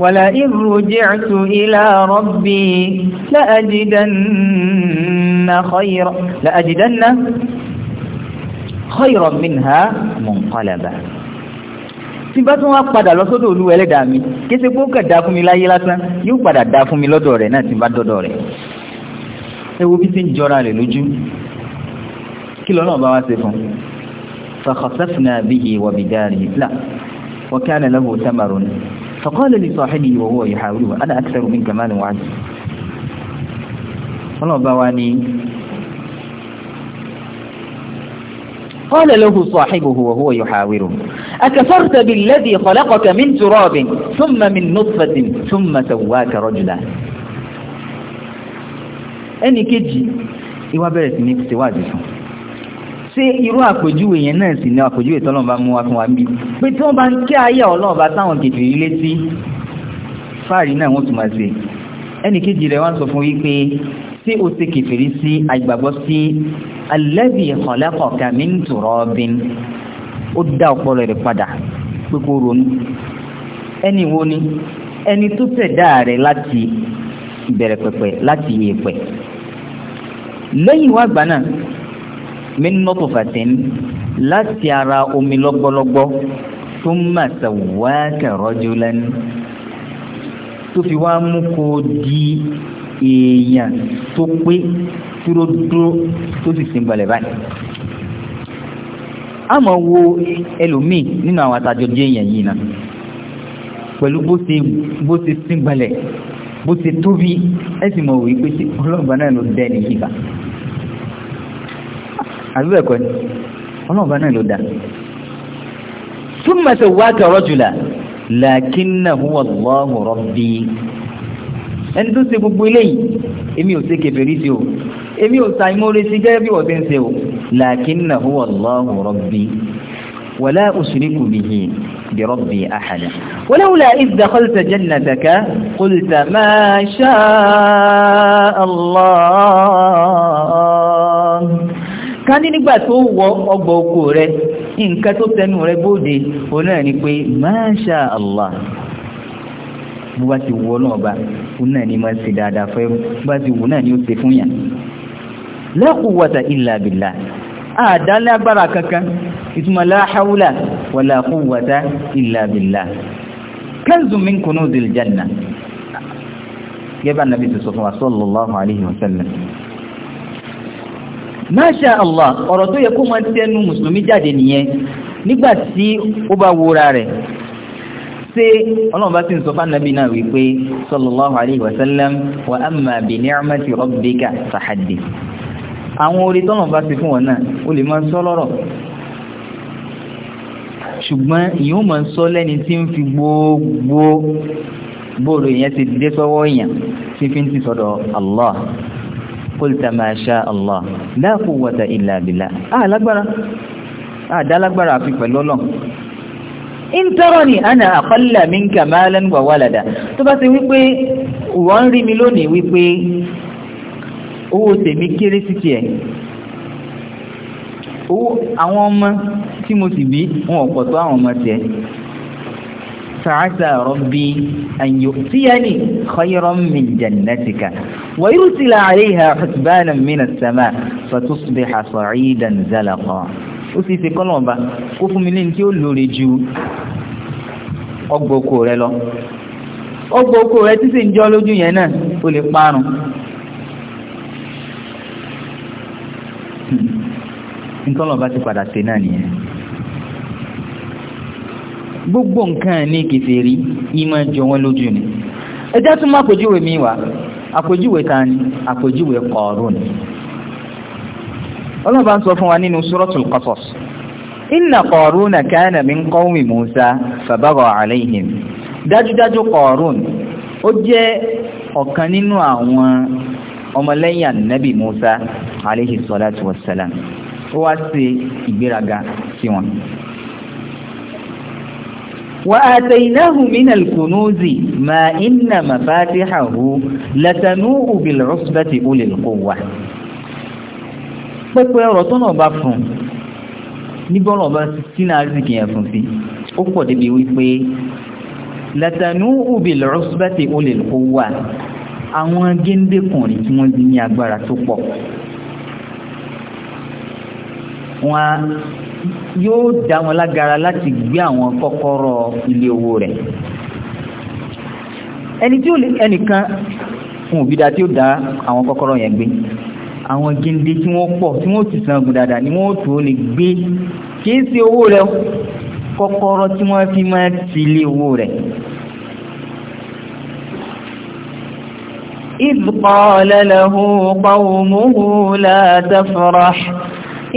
wàlà irruji'tu ila rabbi la'ajidanna khayran la'ajidanna khayran minha munqalaba tí bá tún wá padà lọ sọ́dọ̀ olúwa ẹlẹ́dàá mi kí ṣe pé ó kàn dá fún mi láyé lásán yóò padà dá fún mi lọ́dọ̀ rẹ̀ náà tí bá dọ́dọ̀ rẹ̀ ẹ wo bí ti ń jọra rẹ̀ lójú kí lọ́nà bá wá ṣe fún فخسفنا به وبداره لا وكان له ثمر فقال لصاحبه وهو يحاوله أنا أكثر منك مالا وعجل الله بواني قال له صاحبه وهو يحاوره أكفرت بالذي خلقك من تراب ثم من نطفة ثم سواك رجلا ẹni kejì ìwà bẹ̀rẹ̀ sí ní ṣèwádìí fún ṣé irú àpèjúwe yẹn náà sì ní àpèjúwe tọ́lọ́mọba mú wá fún wa bí pé tí wọ́n bá ń kí ayé ọlọ́ọ̀bá táwọn kejì rí létí fáàrí náà wọ́n tún máa ṣe ẹni kejì rẹ̀ wá ń sọ fún wípé tí o ṣe kìfìrí sí àgbàgbọ́ sí alladhi khalaqaka min turabin ó dá ọpọlọ rẹ̀ padà pé ronú ẹni wo ni ẹni tó ṣẹ̀dá rẹ̀ láti ìbẹ̀rẹ̀ pẹ̀pẹ̀ láti yẹ̀pẹ̀ lẹ́yìn wá gbà náà min nutfatin láti ara omi lọ́gbọ́lọ́gbọ́ thumma sawwaka rajulan tó fi wá mú kó di èèyàn tó pé dúró dúró tó sì sin gbọ̀lẹ̀ báyìí a máa wo ẹlòmíì nínú àwọn àtàjọ jẹ́ èèyàn yìí náà pẹ̀lú bó ṣe sin gbọ̀lẹ̀ bó ṣe tóbi ẹ̀sìn mọ̀ wí pé ọlọ́ọ̀gbà náà ló dẹ́ ní yíká àbí bẹ́ẹ̀ ni ọlọ́ọ̀gbà náà ló dá túmọ̀ sí wákàrọ̀ jùlọ làkínà huwa Allahu rabbi ẹni tó ṣe gbogbo eléyìí èmi ò ṣe kèfèrí sí o èmi ò sa ìmúre sí gẹ́gẹ́ bí wọ́n ti ń ṣe o lakinna huwa Allahu rabbi wala ushriku bihi bi rabbi ahada walawla idh dakhalta jannataka qulta ma sha'a Allah ká nígbà tó wọ ọgbà oko rẹ nǹkan tó tẹnu rẹ bóde òun náà ni pé ma sha'a Allah bó bá ti wù ọ náà bá òun náà ni máa ṣe dáadáa fẹ́ bó bá ti wù náà ni ó ṣe fún yàn. la quwwata illa billah àdálágbára kankan ìtumọ̀ la hawla wala quwwata illa billah kanzun min kunuzil janna gẹ́gẹ́ bá nàbí ti sọ fún wa sallallahu alayhi wa sallam Masha Allah ọ̀rọ̀ tó yẹ kó máa tẹnu mùsùlùmí jáde nìyẹn nígbà tí ó bá wúra rẹ̀ ṣe ọlọ́run bá sì ń sọ fánàbí náà wípé sallallahu alayhi wa sallam wa amma bi ni'mati rabbika fahaddi àwọn orí tọ́lọ̀n bá ti fún wọn náà o lè máa sọ lọ́rọ̀ ṣùgbọ́n ìyóò máa sọ lẹ́ni tí ń fi gbogbo bóòrò ìyẹn ti dé sọ́wọ́ èèyàn tí fi ń ti sọ́dọ̀ Allah qulta ma sha Allah la quwwata illa billah àlágbára àdálágbára àfi pẹ̀lú ọlọ́run ìntọ́rọ̀nì àná àkọ́lá mi ń kà máa lẹ́nu wà wálàdà tó bá ti wípé wọ́n rí mi lónìí wípé owó tèmi kéré sí tiẹ̀ owó àwọn ọmọ tí mo sì bí wọn ò pọ̀ tó àwọn ọmọ tiẹ̀ sàásà rọ́bì àyò tíyẹ́nì khayran min jannatika wa yursila alayha hasbanan min as-sama fatusbiha sa'idan ó sì ṣe kọ́lọ̀mbà kó fún mi ní tí ó ju rẹ lọ ọgbà oko rẹ tí sì ń jọ lójú yẹn náà ó lè parun hmm. ntọ́lọ̀mbà ti padà gbogbo nǹkan ní kèfèrí ìmọ̀ jọ wọn lójú ni ẹjẹ́ tún mi wá àpèjúwe ta ni àpèjúwe ọlọ́ba ń sọ fún wa nínú suratul Qasas inna Qaruna kana min qawmi Musa fabagha alayhim dájúdájú Qarun ó jẹ́ ọ̀kan nínú àwọn ọmọlẹ́yìn ànábì Musa alayhi salatu wassalam ó wá sí ìgbéraga sí wọn وآتيناه من الكنوز ما إن مفاتحه لتنوء بالعصبة أولي pẹ́pẹ́ ọ̀rọ̀ tó náà bá fún níbi ọ̀rọ̀ bá ti sí náà rí kìí ẹ̀fún sí ó pọ̀ débi wípé látànú òbí lọ́rọ́sùbẹ́tì olè kó wà àwọn géńdékùnrin tí wọ́n ti ní agbára tó pọ̀ wọn yóò dá wọn lágara láti gbé àwọn kọ́kọ́rọ́ ilé owó rẹ̀ ẹni tí ó lè ẹnìkan fún òbí dá tí ó dá àwọn kọ́kọ́rọ́ yẹn gbé àwọn gíndé tí wọ́n pọ̀ tí wọ́n ti san gùdàdà ni wọ́n tó lè gbé kìí sí owó rẹ̀ kọ́kọ́rọ́ tí wọ́n fi máa ti lé owó rẹ̀ إذ قال له قومه لا تفرح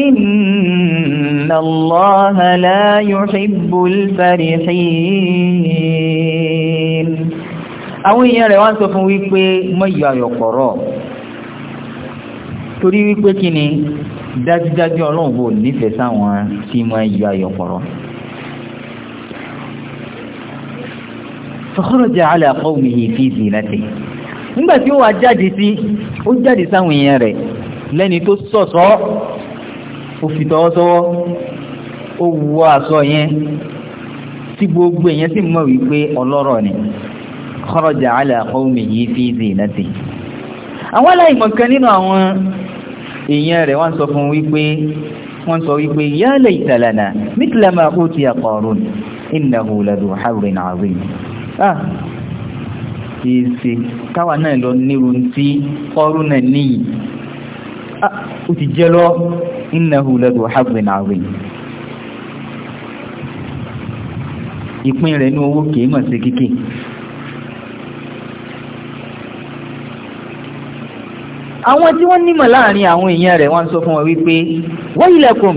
إن الله لا يحب الفرحين àwọn èèyàn rẹ̀ wá sọ fún wípé torí wípé kí ni dájúdájú ọlọ́run bò nífẹ̀ẹ́ sáwọn tí wọ́n yọ ayọ̀pọ̀rọ̀ fakharaja ala yìí fi zinatihi nígbà tí ó wà jáde sí ó jáde sáwọn èèyàn rẹ̀ lẹ́ni tó sọ̀sọ́ ó fi ó wọ yẹn tí gbogbo èèyàn sì mọ̀ wípé ọlọ́rọ̀ ni fi àwọn aláìmọ̀kan nínú àwọn èèyàn rẹ̀ wọ́n sọ fún wípé wọ́n sọ wípé ya layta lana mithla ma utiya Qarun innahu ladu hawlin azim ṣeéṣe ah, káwa náà lọ nírun tí Qarun náà níyì ah, ó ti jẹ́ lọ innahu ladu hawlin azim ìpín rẹ̀ ní owó kìí mọ̀ sí kíkì àwọn tí wọ́n nímọ̀ láàrin àwọn èèyàn rẹ̀ wọ́n sọ fún wọn wípé wailakum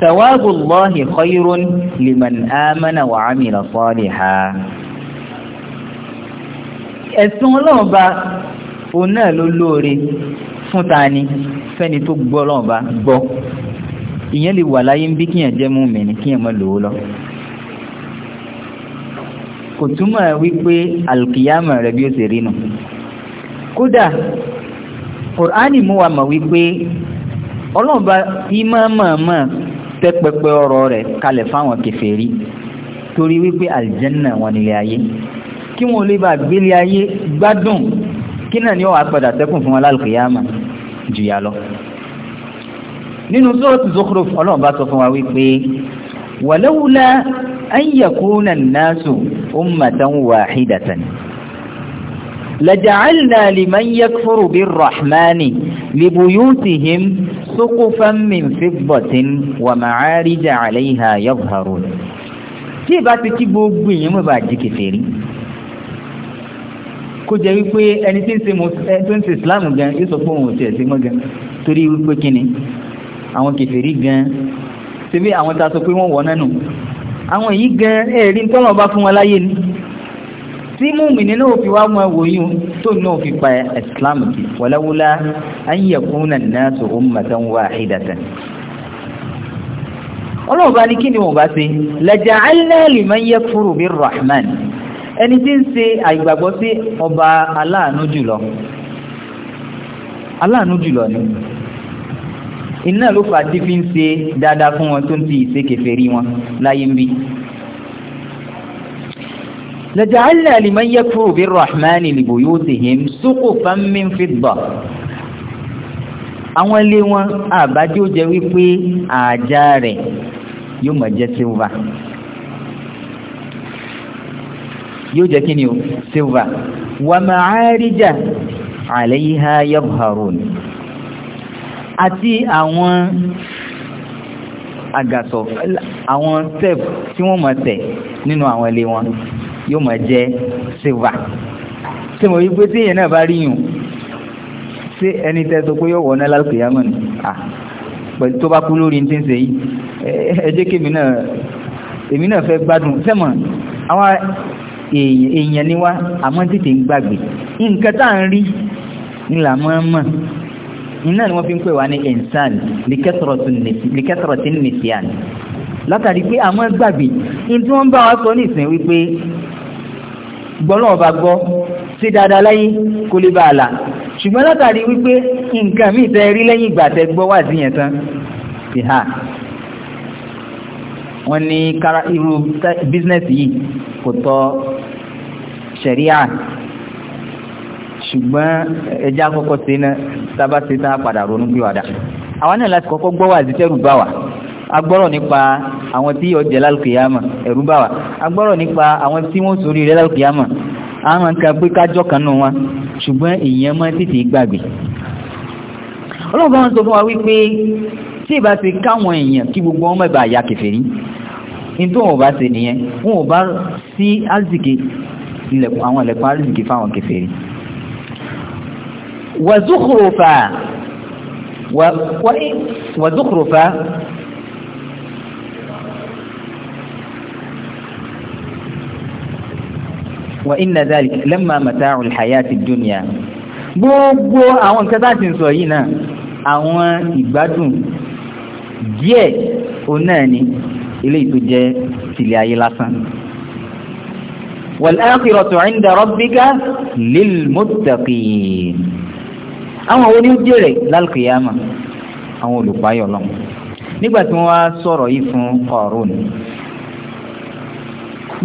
thawabullahi khayrun liman amana wa amila saliha ẹ̀sùn ọlọ́ọ̀ba òun náà ló lóore fún ta ni fẹ́ni tó gbọ́ ọlọ́ọ̀ba gbọ́ ìyẹn lè wà láyé ń bí kíyàn jẹ́ mùmínì kíyàn mọ́ lòó lọ kò túmọ̀ wípé alkiyama rẹ̀ bí ó ṣe rí nù kódà Kùránì mú wa mọ̀ wípé ọlọ́ọ̀bá ìmọ̀ọ́mọ̀ọ́mọ̀ tẹ́ pẹpẹ ọ̀rọ̀ rẹ̀ kalẹ̀ fáwọn kèfèrí torí wípé àlìjẹ́nà wọn nílé ayé kí wọn lè bá gbélé ayé gbádùn kí náà ni ó wà padà sẹ́kùn fún wọn lálùkìyàmà jùyà lọ. nínú sọ́ọ̀tù Zukhruf ọlọ́ọ̀bá sọ fún wa wípé wàlẹ́wùlá an yakuna an-nasu ummatan wahidatan لجعلنا لمن يكفر بالرحمن لبيوتهم سقفا من فضة ومعارج عليها يظهرون tí ìbá ti kí gbogbo èèyàn mọ̀ bá jí kèfèrí kó jẹ́ wípé ẹni tí ń ṣe tó ń ṣe islam gan yóò sọ fún òun ò tiẹ̀ sí mọ́ gan torí wípé kí ni àwọn kèfèrí gan ṣe bí àwọn ta sọ pé wọ́n wọ̀ nánu àwọn èyí gan ẹ̀ẹ́dín tọ́lọ̀ bá fún wọn láyé ni tí mùmìnì náà fi wá máa wòyún tó náà fi pa islam kì wàláwúlá an yakuna an-nasu ummatan wahidatan ọlọ́run bá ní kí ni wọ́n bá ṣe laja'alna liman yakfuru bir-rahman ẹni tí ń ṣe àìgbàgbọ́ sí ọba aláàánú jùlọ aláàánú jùlọ ni iná ló fà á ti fi ń ṣe dáadáa fún wọn tó ń ti ìṣe kèfèrí wọn láyé ń bí لجعلنا لمن يكفر بالرحمن لبيوتهم سقفا من فضة àwọn ilé wọn àbájá ó jẹ wípé àjà rẹ̀ yóò máa jẹ́ silver yóò jẹ́ kí ni o silver wa ma'arija alayha yabharun àti àwọn àgàsọ̀ àwọn step tí wọ́n máa tẹ̀ nínú àwọn ilé wọn yóò máa jẹ́ silver ṣé mo rí pé tí èèyàn náà bá rí yùn ṣé ẹni tẹ́ sọ pé yóò wọ̀ ọ́ náà lálùkù yàmọ̀ ni pẹ̀lú tó bá kú lórí ní ti ń ṣe yìí ẹ jẹ́ kí èmi náà èmi náà fẹ́ gbádùn sẹ́mọ̀ àwọn èèyàn ni wá àmọ́ tètè ń gbàgbé nǹkan tá à ń rí ńlá mọ́ mọ́ iná ni wọ́n fi ń pè wá ní ẹ̀ǹsán lìkẹ́tọ̀rọ̀tì nìsíàn látàrí pé àmọ́ gbàgbé ní tí wọ́n bá wa sọ nísìnyí wípé gbọ́nà ọba gbọ́ sí dáadáa lẹ́yìn kó lè bá àlà ṣùgbọ́n látàrí wípé nǹkan míì tẹ́ rí lẹ́yìn ìgbà tẹ́ gbọ́ wà sí yẹn tán ti hà wọ́n ní kára irú bísínẹ́sì yìí kò tọ́ ṣẹ̀ríà ṣùgbọ́n ẹja kọ́kọ́ sí náà tábà sí tá padà ronú pé wàdà àwọn náà láti kọ́kọ́ gbọ́ wà sí tẹ́rù bá wà agbọ́rọ̀ nípa àwọn tí yóò jẹ lálùkìyàmà ẹ̀rú bá wa agbọ́rọ̀ nípa àwọn tí wọ́n sórí rẹ lálùkìyàmà àwọn nǹkan pé kájọ́ kan nù wọn ṣùgbọ́n èèyàn máa tètè gbàgbé ọlọ́gbọ́n sọ fún wa wípé tí ìbá ti káwọn èèyàn kí gbogbo wọn mẹ́bàá ya kèfèrí ní tó wọn bá ṣe nìyẹn wọn ò bá sí azìkì àwọn ilẹ̀kùn azìkì fáwọn kèfèrí wàzúkùrùfà wa inna dhalik lamma mata'ul hayati dunya gbogbo àwọn nǹkan táti ń sọ yìí náà àwọn ìgbádùn díẹ̀ o náà ni eléyìí tó jẹ́ tìlẹ̀ ayé lásán wal akhiratu 'inda rabbika lil muttaqin àwọn wo ni jèrè lálùkìyàmà àwọn olùpáyọ̀ lọ nígbà tí wọ́n sọ̀rọ̀ yìí fún Qarun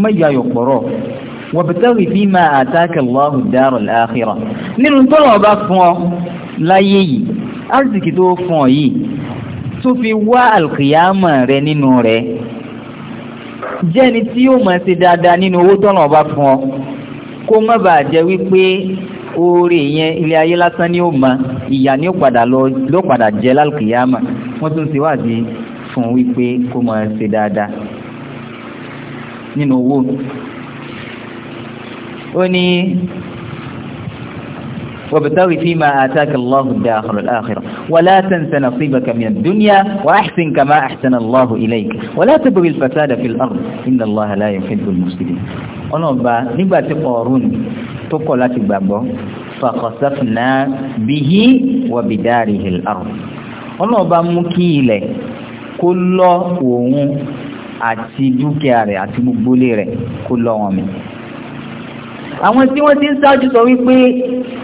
mẹ́jọ ayọ̀ wọ̀bẹ̀tẹ́wì fi máa àtàkà lọ́hùn dárò láàkírà nínú tọ́lọ̀ ọba fún ọ láyé yìí arzikì tó fún ọ yìí tó fi wá alkìyàmà rẹ nínú rẹ jẹ́ni tí yóò máa ṣe dáadáa nínú owó tọ́lọ̀ ọba fún ọ kó má bàa jẹ́ wípé oore yẹn ilé ayé lásán ni ó ma ìyà ni ó padà lọ ló padà jẹ lálùkìyàmà wọ́n tún ti wádìí fún wípé kó máa ṣe dáadáa nínú owó ó ní وابتغ فيما آتاك الله الدار الآخرة ولا تنس نصيبك من الدنيا وأحسن كما أحسن الله إليك ولا تبغي الفساد في الأرض إن الله لا يحب المفسدين ọlọ́ọ̀bá nígbà tí ọ̀run tó kọ̀ láti gbàgbọ́ fàkọ̀sáfìnà bíhí wà bí dáàrí ìlàrùn ọlọ́ọ̀bá mú kí ilẹ̀ kó lọ òun àti dúkìá rẹ̀ àti gbogbo lé rẹ̀ kó lọ wọn mi àwọn tí wọ́n ti ń sáájú sọ wípé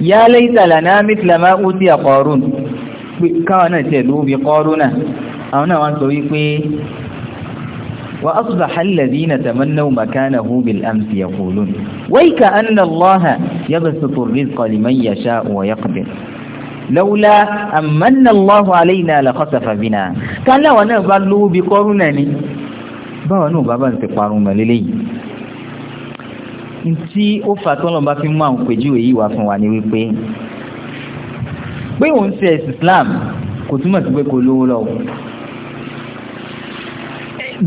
ya laysa lana mithla ma utiya Qarun káwọn náà tẹ̀ ló bí Qarun náà àwọn náà wọ́n sọ wípé wa asbaha alladhina tamannaw makanahu bil amsi yaqulun wayka anna Allaha yabsutu ar-rizqa liman yasha'u wa yaqdir lọ́wọ́lá àmànàláhù aléìnà àlàkọ́sàfà bínà káláwà náà bá lówó bí kọ́rún náà ni báwọn náà bá bá ń ti parun mẹ́lẹ́lẹ́yìn ntí ó fà tọ́lọ̀ bá fi mú àwọn pèjúwe yìí wá fún wa ni wípé pé òun ṣe Islam kò túmọ̀ sí pé kò lówó lọ́wọ́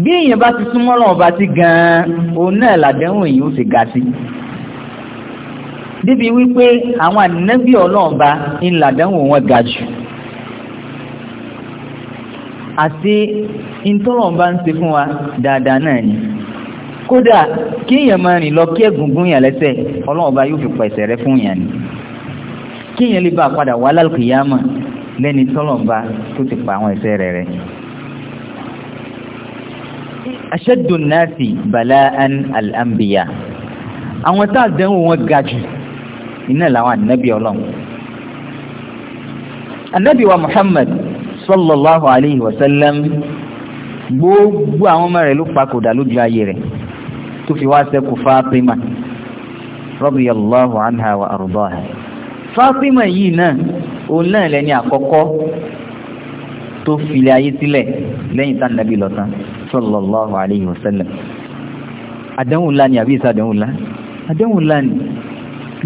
bí èèyàn bá ti súnmọ́ lọ́wọ́ bá ti gan-an òun náà làdẹ́hùn èyí ó sì ga sí débi wípé àwọn ànábì ọlọ́run ń làdẹ́hùn wọn ga jù àti ìtọ́lọ́run ń ṣe fún wa dáadáa náà ni kódà kí èèyàn máa rìn lọ kí ẹ̀gúngún yàn lẹ́sẹ̀ ọlọ́run ọba yóò fi pẹ̀sẹ̀ rẹ fún yàn ni kí èèyàn lè bá a padà wá lálùkìyàmà lẹ́ni tọ́lọ̀mba tó ti pa àwọn ẹ̀ṣẹ̀ rẹ̀ rẹ̀. aṣẹ́dùn náà sì bàlá an al'ambiya àwọn tá àdánwò wọn ga jù iná làwọn ànábì ọlọ́run ànábì wa muhammad sallallahu alayhi wa sallam gbogbo àwọn ọmọ rẹ̀ ló pa kò dà lójú ayé rẹ̀ tó fi wá sẹ́kù Fátímà radiyallahu anha wa ardaha Fátímà yìí náà òun náà lẹ́ni àkọ́kọ́ tó filẹ̀ ayé sílẹ̀ lẹ́yìn tá nàbí lọ́tàn sallallahu alayhi wa sallam àdánwò ńlá ni àbí ìsàdánwò ńlá àdánwò ńlá ni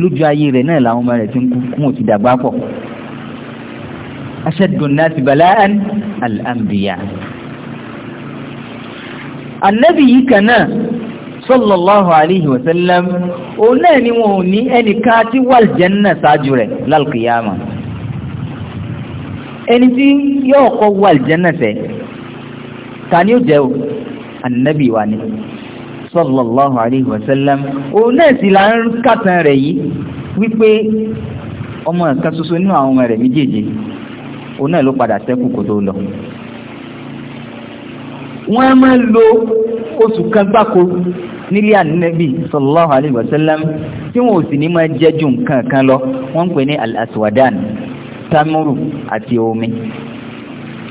lójú ayé rẹ̀ náà làwọn ọmọ rẹ̀ ti ń kú kún òtí dàgbà pọ̀ ashaddu an-nasi sallallahu alayhi wa sallam òun náà ni wọn ò ní ẹnìkan tí wà lìjẹ́nà ṣáájú rẹ̀ lálùkìyàmà ẹni tí yóò kọ́ wà lìjẹ́nà sẹ́ ta ni ó jẹ́ o ànábì wa ni sallallahu alayhi wa sallam náà sì là ń kàtàn rẹ̀ yìí wípé ọmọ kan ṣoṣo nínú àwọn ọmọ rẹ̀ méjèèjì òun náà ló padà ṣẹ́kù kó tó lọ wọ́n á máa lo oṣù kan gbáko nílé ànábì sallallahu alayhi wa sallam tí wọn ò sì ní máa jẹ ju nǹkan kan lọ wọ́n ń pè ní al-aswadan tamuru àti omi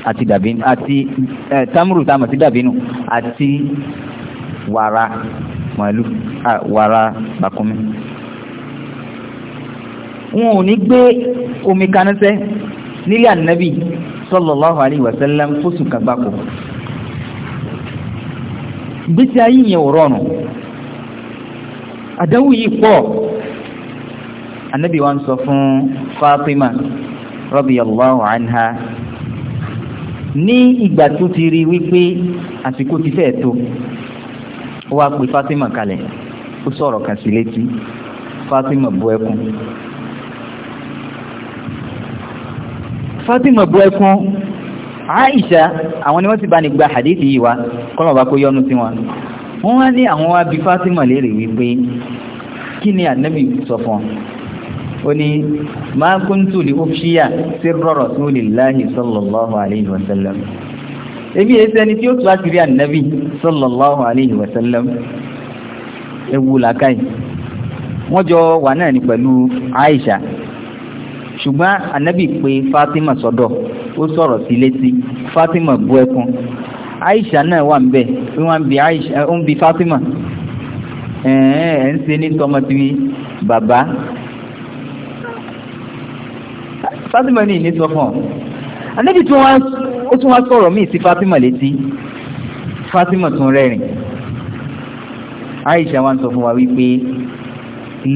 àti dàbínú àti tamuru tamọ̀ sí dàbínú àti wàrà màálù wàrà bàkúmi wọn ò ní gbé omi kanisẹ́ nílé ànábì sallallahu alayhi fóṣù kan gbáko gbèsè ayé yẹn ò rọrùn àdánwò yìí pọ̀ anabi wa ń sọ fún Fatima radiyallahu anha ní ìgbà tó ti rí wípé àsìkò ti fẹ́ tó wá pè Fatima kalẹ̀ ó sọ̀rọ̀ kan sí létí Fatima bú ẹkún Fatima bú ẹkún. Aisha àwọn ni wọ́n ti bá ní gba hadith yìí wá kọ́nà bá kó yọnu sí wọn wọ́n wá ní àwọn wá bí Fatima lè rí wípé kí ni ànábì sọ fún ó ní ma kuntu li ufshiya sirra rasulillahi sallallahu alayhi wa sallam ebi èsì ẹni tí ó tún àṣírí ànábì sallallahu alayhi wa sallam ewu làkàì wọ́n jọ wà náà ní pẹ̀lú Aisha ṣùgbọ́n ànábì pé Fatima sọ́dọ̀ ó sọ̀rọ̀ sí létí Fatima bú ẹkún Aisha náà wà níbẹ̀ tí wọ́n bi Aisha ó ń Fatima ẹ̀ ń ṣe ní tọmọ ti bàbá Fatima ní ìní sọ fún ọ anábì tí wọ́n ó tún wá sọ̀rọ̀ míì sí Fatima létí Fatima tún rẹ́rìn Aisha wá sọ fún wa wípé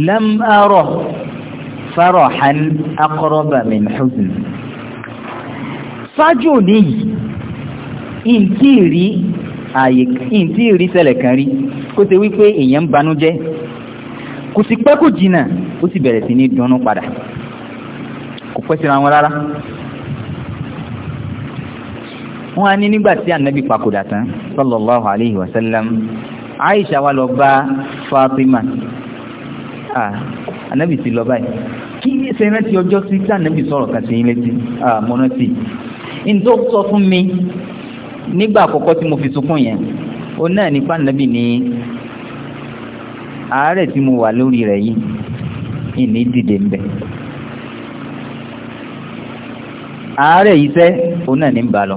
lam arọ farahan aqraba min huzn ṣáájú òní yìí ntí rí àyè ntí rí ṣẹlẹ̀ kan rí kó ṣe wípé èèyàn ń banújẹ́ kò sì pẹ́ kò jìnnà ó sì bẹ̀rẹ̀ sí ní dunnú padà kò pẹ́ síra wọn rárá wọ́n á ní nígbà tí ànábì papòdà tán sallallahu alayhi wa sallam Aisha wa lọ bá Fatima ànábì ti lọ báyìí kí ṣe rántí ọjọ́ sí tí ànábì sọ̀rọ̀ kan sí ilé tí mọ́nà sí i ní tó sọ fún mi nígbà àkọ́kọ́ tí mo fi sunkún yẹn ó náà ní pàǹdàbì ní àárẹ̀ tí mo wà lórí rẹ̀ yìí ìní dìde ń bẹ̀ àárẹ̀ yìí sẹ́ ó náà ní ń bá lọ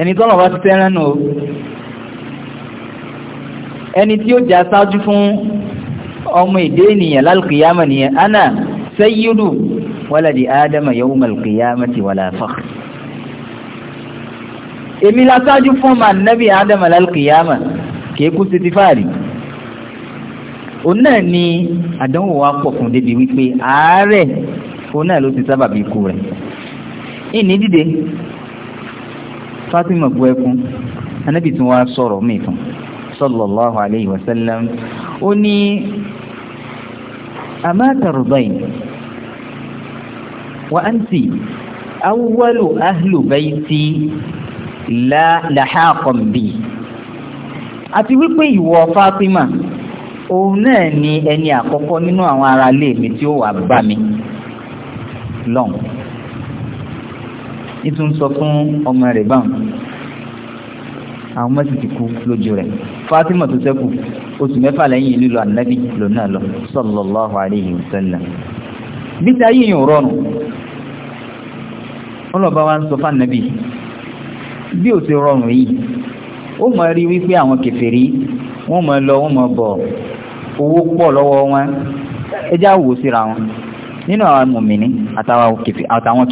ẹni tọ́lọ̀ bá ti fẹ́ràn nù ẹni tí ó jà sáájú fún ọmọ ìdé ènìyàn lálùkìyàmọ̀ nìyẹn ana sayyidu waladi adama yawmal qiyamati wala fakhr èmi lásájú fún ma nẹ́bí adam alalkiyama kìí kú sí ti fáàrí òun náà ni àdánwò wa pọ̀ fún débi wípé àárẹ̀ òun náà ló ti sábàbí ikú rẹ̀ ìní dìde Fatima bu ẹkún anábì tí wọ́n á sọ̀rọ̀ mí fún sallallahu alayhi wa sallam ó ní amátàrúbáyì wa anti awwalu ahlu bayti la lahaqan bi àti wípé ìwọ Fátímà òun náà ni ẹni àkọ́kọ́ nínú àwọn ará ilé mi tí ó wà bá mi lọ́n nítorí sọ fún ọmọ rẹ̀ báwọn àwọn ọmọ sì ti kú lójú rẹ̀ Fátímà tó ṣẹ́kù oṣù mẹ́fà lẹ́yìn lílọ ànábì lòun náà lọ sallallahu alayhi wa sallam bí táyé yìí rọrùn ọlọ́ba wa ń sọ fún ànábì bí ò ti rọrùn yìí ó mọ̀ rí wípé àwọn kèfèrí wọn mọ̀ lọ wọn mọ̀ bọ, owó pọ lọwọ wọn ẹjá wò síra wọn nínú àwọn mùmìnì àtàwọn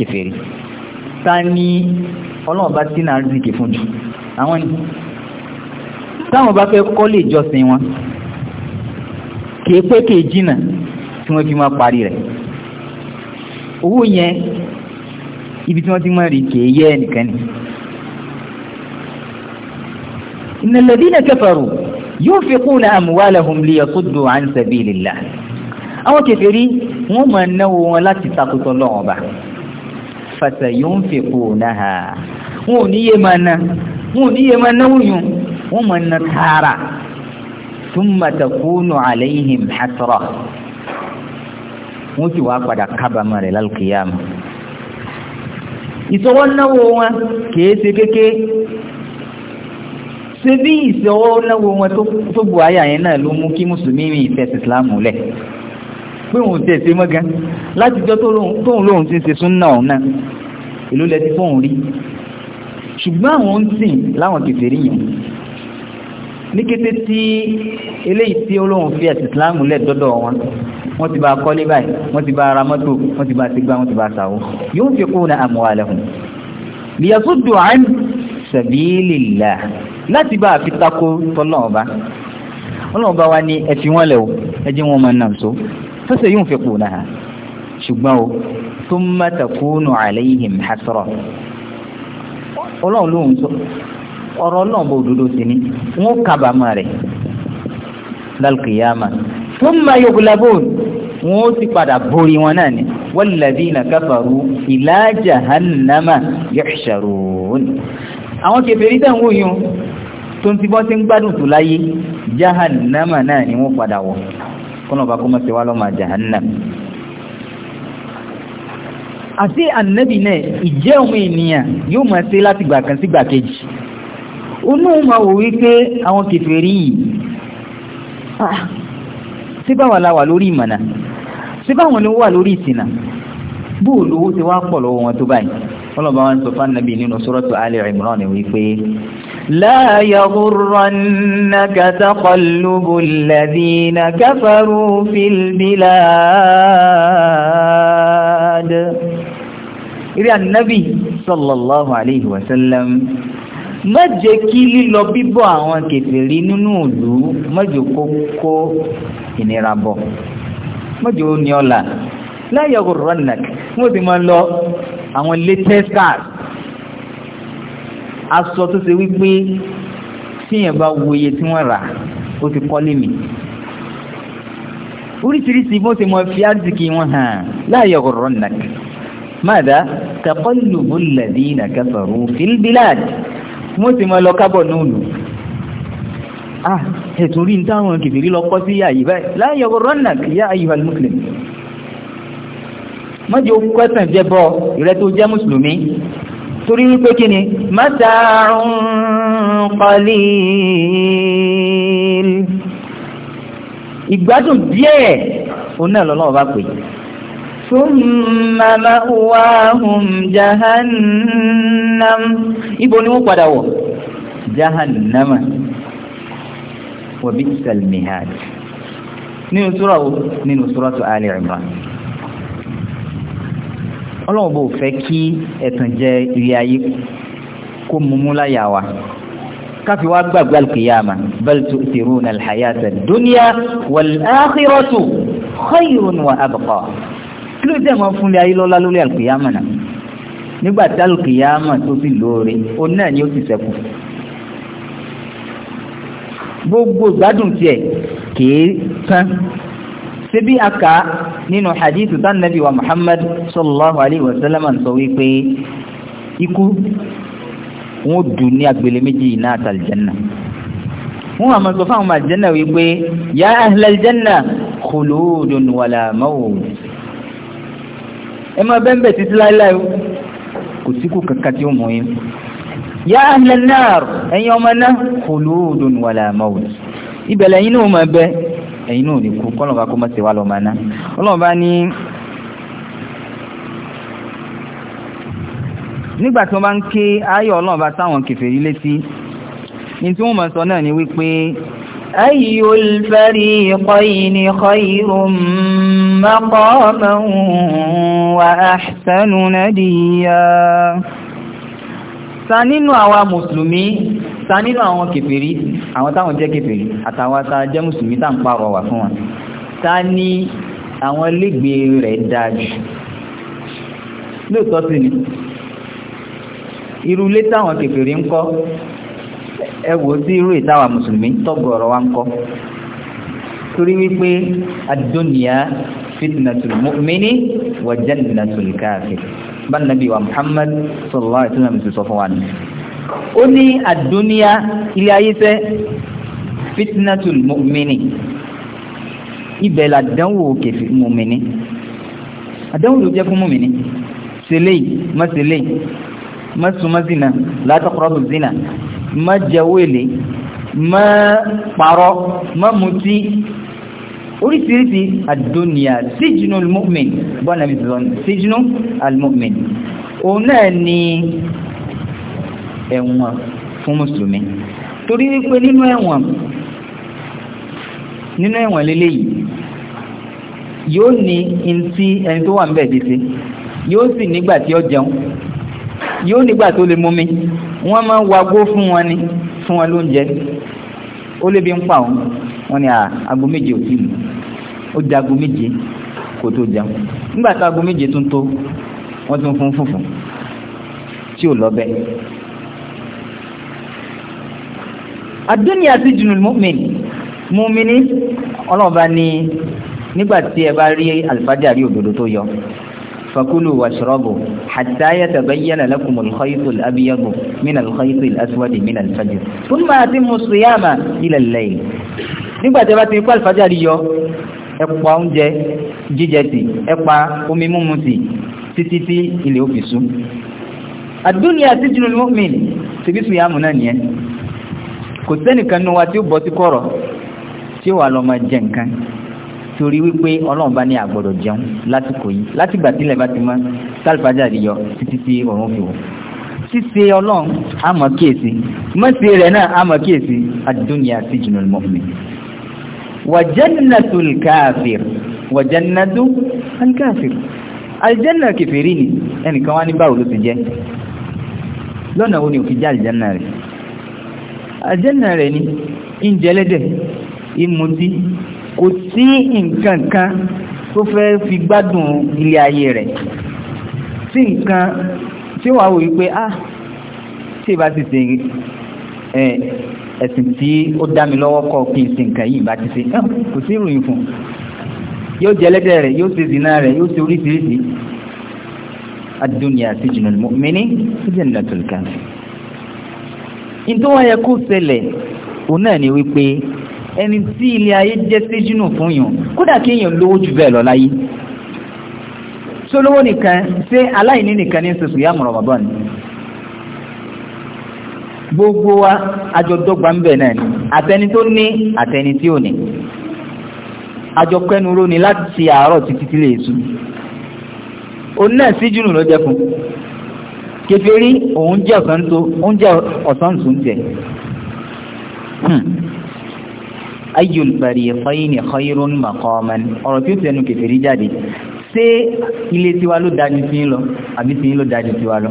ta ni ọlọ́run bá sínú àrídìkì fún jù àwọn ni táwọn bá fẹ́ kọ́ lè wọn pé tí wọ́n fi máa parí rẹ̀ owó ibi tí wọ́n ti máa rí yẹ ẹnìkan إن الذين كفروا ينفقون أموالهم ليصدوا عن سبيل الله àwọn kèfèrí wọ́n máa náwó wọn láti takùtọ lọ́wọ́n bá fasayunfiqunaha wọn ò níye máa ná wọn ò níye máa náwó yun wọ́n máa ná tààrà thumma takunu alayhim hasra wọ́n sì wá padà kábàámọ̀ rẹ̀ lálùkìyàmù ìsọwọ́ náwó wọn kìí ṣe kéke ṣe bí ìṣọwọ́ náwó wọn tó bù àyà yẹn náà ló mú kí mùsùlùmí rìn ìfẹ́ ìsìláàmù lẹ̀ pé òun tẹ̀ ṣe mọ́gá látijọ́ tóun lóun ti ṣe súnà òun náà èló lẹ ti fóun rí ṣùgbọ́n àwọn ń sìn láwọn kèfèrí yẹn ní kété tí eléyìí tí olóhùn fi ẹ̀sìn ìsìláàmù lẹ̀ dọ́dọ̀ wọn wọ́n ti bá kọ́lé báyìí wọ́n ti bá a mọ́tò wọ́n ti bá láti bá àfi tako tọ́lọ́wọ́n bá ọlọ́wọ́n bá wa ní ẹ̀fí wọn lẹ̀ o ẹjẹ́ wọn máa nà so fẹsẹ̀ yóò fẹ́ kù náà ṣùgbọ́n o thumma takunu alayhim hasra ọlọ́run lóhùn sọ ọ̀rọ̀ náà bó dodo sí ni wọ́n kábàámà rẹ̀ lálùkìyàmà thumma yughlabun wọ́n sì padà borí wọn náà ni walladhina kafaru ila àwọn kèfèrí tẹ̀ ń wò yún tó ń ti bọ́ sí ń gbádùn tó láyé jahannama náà ni wọ́n padà wọ̀ kọ́nà bá kó mọ́ sí wá lọ́mọ jahannam àti ànábì náà ìjẹ́ ohun ènìyàn yóò máa ṣe láti gbà kan sí gbà kejì onú ma wò wípé àwọn kèfèrí yìí sí ah, báwọn la wà lórí ìmọ̀nà sí báwọn ló wà lórí ìsìnà bóòlù ti wá pọ̀ lọ́wọ́ wọn tó báyìí ọlọ́ba wọn sọ fánàbí nínú suratu Ali Imran wípé la yaghurrannaka taqallubul ladhina kafaru fil bilad ìrí ànábì sallallahu alayhi wa sallam má jẹ́ kí lílọ bíbọ̀ àwọn kèfèrí nínú ìlú má jẹ́ ìnira bọ̀ má ó ní ọ̀la láyé ọgọ̀rọ̀ nàk wọ́n ti máa ń lọ àwọn latest cars aṣọ tó ṣe wípé tíyẹn bá wo iye tí wọ́n rà ó ti kọ́lé mi oríṣiríṣi bó ti mọ fi àdìkì wọn hàn láyé ọgọ̀rọ̀ nàk mada taqallubu alladhina kafaru fil bilad wọ́n ti máa lọ kábọ̀ nùlù ah ẹ̀tùrí ní táwọn kìfìrí lọ kọ́ sí àyíbá láyé ọgọ̀rọ̀ nàk yá ayyuhal mọ́jọ́ òkú ẹ̀sìn jẹ́ bọ́ ìrẹ́ tó jẹ́ mùsùlùmí torí wípé kí ni mata'un qalil ìgbádùn díẹ̀ òun náà lọ́lọ́wọ́ bá pè thumma ma'wahum jahannam ibo ni wọ́n padà wọ̀ jahannama wa bi'sal nínú súrà nínú súrà tó Ali Imran ọlọ́run bò fẹ́ kí ẹ̀tàn jẹ ilé ayé kó mumú láyà wa káfí wá gbàgbé alkiyama bal tu'thiruna alhayata ad-dunya wal akhiratu khayrun wa abqa kí ló dé máa fún ilé ayé lọ́lá lórí alkiyama náà nígbà tí alkiyama tó sì lóore ó náà ni ó sì ṣẹ́kù gbogbo gbádùn tiẹ̀ kìí tán síbí aka nínú hadithu tán nabi wa muhammad sallallahu alaihi wasallam sọ wípé ikú wọn dùn ní agbèlè méjì iná àtàlìjẹ́nà wọ́n àmọ́ sọ fáwọn àjẹ́nà wípé ya ahlàlìjẹ́nà khuludun wala mawt ẹ máa bẹ́ẹ̀ títí láíláí kò síkú kankan tí ó mọ̀ yín ya ahlan nar ẹ̀yin ọmọ náà khuludun wala mawt ibẹ̀lẹ̀ yín náà máa bẹ́ẹ̀ ẹ̀yin náà ò ní kú kọ́lọ̀ ká kó mọ́ sí wa lọ́ọ́ máa ná ọlọ́run bá ní nígbà wọ́n bá ń ké ayọ̀ ọlọ́run bá kèfèrí létí ní tí wọ́n mọ̀ sọ náà ni wípé أي الفريقين خير مقاما وأحسن نديا ta nínú àwa mùsùlùmí ta nínú àwọn kèfèrí àwọn táwọn jẹ́ kèfèrí àtàwọn ta jẹ́ mùsùlùmí tá ń pàrọ̀ wà fún wọn ta ní àwọn légbè rẹ̀ dájú lóòótọ́ sí ni irú ilé táwọn kèfèrí ń kọ́ ẹ wò sí irú ìtawà mùsùlùmí tọ́gọ̀ọ̀rọ̀ wa ń kọ́ torí wípé adóníyà fitnatul mu'mini wa jannatul kafir bá nàbí wa Muhammad sallallahu alaihi wasallam sọ fún wa nìyẹn ó ní àdúníyá ilé ayé fẹ́ fitnatul mu'mini ibẹ̀ làdánwò kẹfì mu'mini àdánwò ló jẹ́ fún mu'mini sẹlẹ̀ má sẹlẹ̀ má súnmọ́ zina la taqrabu zina má jẹ́wọ́ èlé má parọ́ má mutí oríṣiríṣi àdúníyá sijnu al-mu'min bọ́nà mi sọ̀rọ̀ sijnu al òun náà ni ẹ̀wọ̀n fún mùsùlùmí torí wípé nínú ẹ̀wọ̀n nínú ẹ̀wọ̀n lélẹ́yìí yóò ní ntí ẹni tó wà ń bẹ̀ dìde yóò sì nígbà tí ó jẹun yóò nígbà tó lè mumi wọ́n máa ń wagó fún wọn ni fún wọn lóúnjẹ ó lè bí ń pa òun wọ́n ní aago méje ò tí ó di aago méje kò tó jẹun nígbà tó aago méje tó ń tó wọ́n tún fún fùfù tí ò lọ bẹ́ẹ̀. àdúnyà sí jùnú mọ́mìnì mọ́mìnì ọlọ́ọ̀bá ni nígbà tí ẹ bá rí àlùfáàjà rí òdodo tó yọ fakulu washrabu hatta yatabayyana lakum al-khayt al-abyad min al-khayt al-aswad min al-fajr thumma atimmu siyama ila al-layl nígbà tí ẹ bá ti rí àlùfáàjà rí yọ ẹ oúnjẹ jíjẹ tì ẹ omi mímu tì títí tí ilẹ̀ ó àdúnyà sí jùnú mọ́mìnì tìbí sùyàmù náà nìyẹn kò sẹ́nìkan nínú wa tí ó bọ́ sí kọ̀rọ̀ tí ó wà lọ máa jẹ nǹkan torí wípé ọlọ́run bá ní àgbọ̀dọ̀ jẹun lásìkò yìí látìgbà tílẹ̀ bá ti mọ́ sálfàjà rí yọ títí tí ọ̀run fi wọ̀ ṣíṣe ọlọ́run á mọ̀ kíyèsí mọ́sí rẹ̀ náà á mọ̀ kíyèsí ad-dunya sijnul mu'min wa jannatul kafir wa jannatu al-kafir aljanna kẹfẹ́rì ni ẹnìkan wá ní báwo ló ti jẹ́ lọ́nà wo ni òfin jẹ́ aljanna rẹ̀ àjẹ́nà rẹ̀ ni ìjẹ́lẹ́dẹ̀ ìmùtí kò sí nǹkan kan tó fẹ́ fi gbádùn ilé ayé rẹ̀ sí nǹkan tí wàá wò wípé ah tí ìbá ti ṣe ẹ̀sìn tí ó dá mi lọ́wọ́ kọ́ kí n ṣe nǹkan yìí ìbá ti ṣe kò sí ìròyìn fún yóò jẹ́lẹ́dẹ̀ rẹ̀ yóò ṣe zìnà rẹ̀ yóò ṣe oríṣiríṣi adúnyà sí jùlọ mọ́mí ní jẹ́nà tó lùkàfẹ́ nítorí wọn yẹ kó ṣẹlẹ̀ òun náà ni wípé ẹni tí ilé ayé jẹ́ séjìnù fún yàn kódà kí èèyàn lówó jù bẹ́ẹ̀ lọ láyé sólówó nìkan ṣé aláìní nìkan ní sọ̀sọ̀ yá mọ̀rọ̀ bàbá ni gbogbo wa àjọdọ́gba ń bẹ̀ náà àtẹni tó ní àtẹni tí ò ní àjọpẹ́nu ró ni láti ṣe àárọ̀ títí tí lè sùn òun náà síjìnù ló jẹ́ fún un kèfèrí òun jẹ́ ọ̀sán tó ń tẹ̀ hmm. ayyul fariqayni khayrun maqaman ọ̀rọ̀ tí ó tẹnu kèfèrí jáde ṣé ilé tiwa ló dájú tí ń lọ àbí tí ń lọ dájú tiwa lọ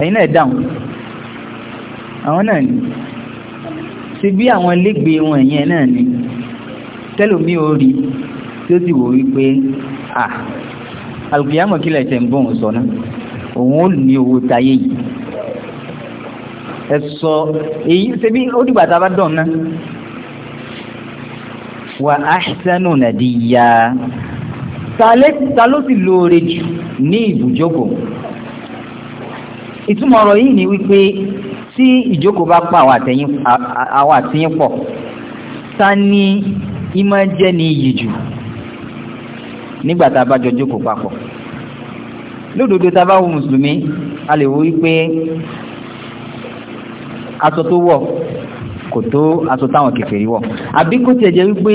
ẹ̀yin náà dáhùn àwọn náà ni ṣe bí àwọn ilégbé wọn ẹ̀yẹn náà ni tẹ́lòmí orí tí ó sì wò wípé ah alùpùpù yàmọ̀ kílẹ̀ ṣẹ̀ ń bọ̀ sọ náà òun ó ní owó táyé yìí ẹ sọ èyí ṣebí ó dìgbà tá a bá dọ̀n náà wà ahsanu nadiya ta ló sì lóore jù ní ibùjókòó ìtumọ̀ ọ̀rọ̀ yìí ni wípé tí ìjókòó bá pa àwọn àtìyìn pọ̀ ta ni ìmọ̀ jẹ́ ni iyì jù nígbà tá a bá jọ jókòó papọ̀ lódodo tá a bá wo mùsùlùmí a lè wo wípé aṣọ tó wọ̀ kò tó aṣọ táwọn kèfèrí wọ̀ àbí kó tiẹ̀ jẹ́ wípé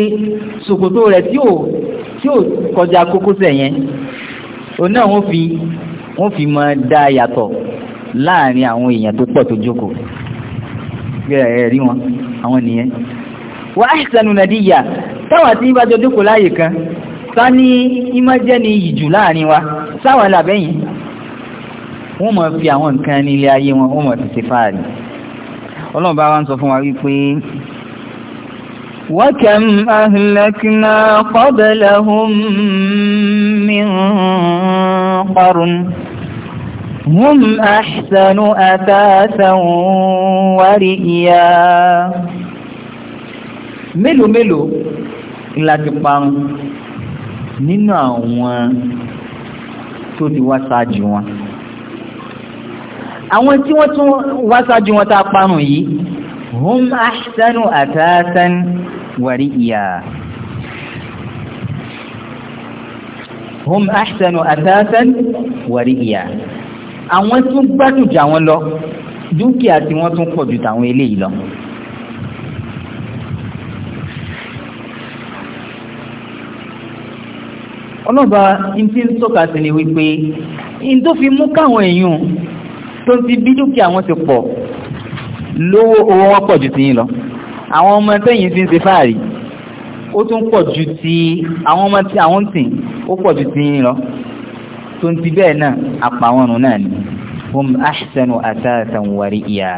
ṣòkòtò rẹ̀ tí ò tí ò kọjá kókósẹ̀ yẹn òun náà wọ́n fi wọ́n fi máa dá yàtọ̀ láàrin àwọn èèyàn tó pọ̀ tó jókòó gbẹ̀rẹ̀ rí wọn àwọn nìyẹn wọ́n á ṣànú nàdíyà táwọn àti ìbájọ́ jókòó láàyè kan ká ní ìmọ̀ jẹ́ ni ìjù láàrin wa sáwọn làbẹ́yìn wọ́n mọ̀ fi àwọn nǹkan ní ilé ayé wọn wọ́n mọ̀ ti ṣe fáàrí ọlọ́run bá wá ń sọ fún wa wípé وكم أهلكنا قبلهم من قرن هم أحسن أثاثا ورئيا mélòó mélòó láti parun nínú àwọn tó ti wá ṣáájú wọn àwọn tí wọ́n tún wá ṣáájú wọn tá a parun yìí hum ahsanu atasan wàrí ìyá hum ahsanu atasan wàrí ìyá àwọn tún gbádùn jà wọn lọ dúkìá tí wọ́n tún pọ̀ ju tàwọn eléyìí lọ. ọlọ́ba ntí ń tọ́ka sí ni wípé n tó fi mú káwọn èèyàn tó ti bí dúkìá wọn ti pọ̀ lówó owó wọn pọ̀ ju ti yín lọ àwọn ọmọ tẹ́yìn ti ń ṣe fáàrí ó tún pọ̀ ju ti àwọn ọmọ tí àwọn tì ó pọ̀ ju ti yín lọ tó ń ti bẹ́ẹ̀ náà àpàwọn ọ̀run náà ni hum ahsanu asatan wariya.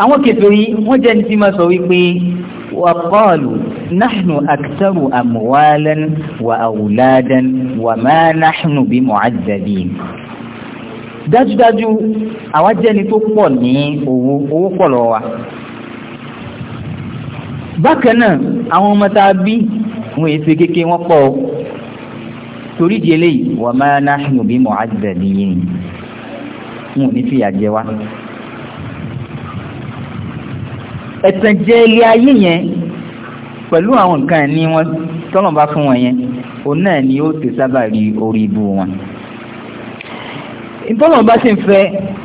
àwọn kèfèrí wọ́n jẹ́ ní tí máa sọ wípé wa qalu nahnu aktharu amwalan wa awladan wa ma nahnu bi mu'azzabin dájúdájú àwọn jẹ́ ní tó pọ̀ ní owó owó pọ̀lọ wa bákan àwọn ọmọ tá a bí wọn èso kékeré wọn pọ̀ torí di eléyìí wa ma nahnu bi mu'azzabin wọn ní fìyà jẹ ẹ̀tàn jẹ ilé ayé yẹn pẹ̀lú àwọn nǹkan ní wọn tọ́lọ̀ bá fún wọn yẹn òun náà ni ó ti sábà rí orí ibu wọn ìtọ́lọ̀ bá ṣe ń fẹ́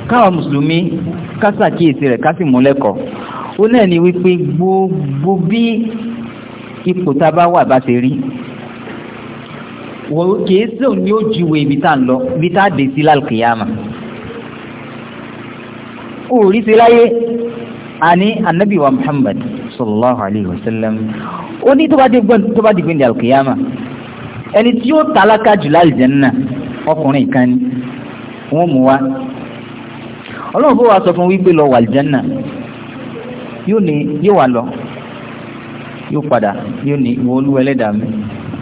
káwọn mùsùlùmí kásàkíyèsí rẹ̀ ká sì mú lẹ́kọ̀ọ́ náà ni wípé gbogbo bí ipò tá a bá wà bá ṣe rí wọ́n kìí sọ ní ó jíwèé ibi tá à lọ ibi tá a dé sí lálùkìyàmà òòrí ṣe láyé ani anabi wa muhammad sallallahu alayhi wa sallam ó ní tó bá di gbọ́n tó bá di gbẹ́ndẹ̀ alkiyama ẹni tí ó tálákà jùlọ alìjẹ́nà ọkùnrin kan ni wọ́n mú wa ọlọ́run bó wa sọ fún wípé lọ wà alìjẹ́nà yóò ní yóò wà lọ yóò padà yóò ní ìwọ olúwa ẹlẹ́dàá mi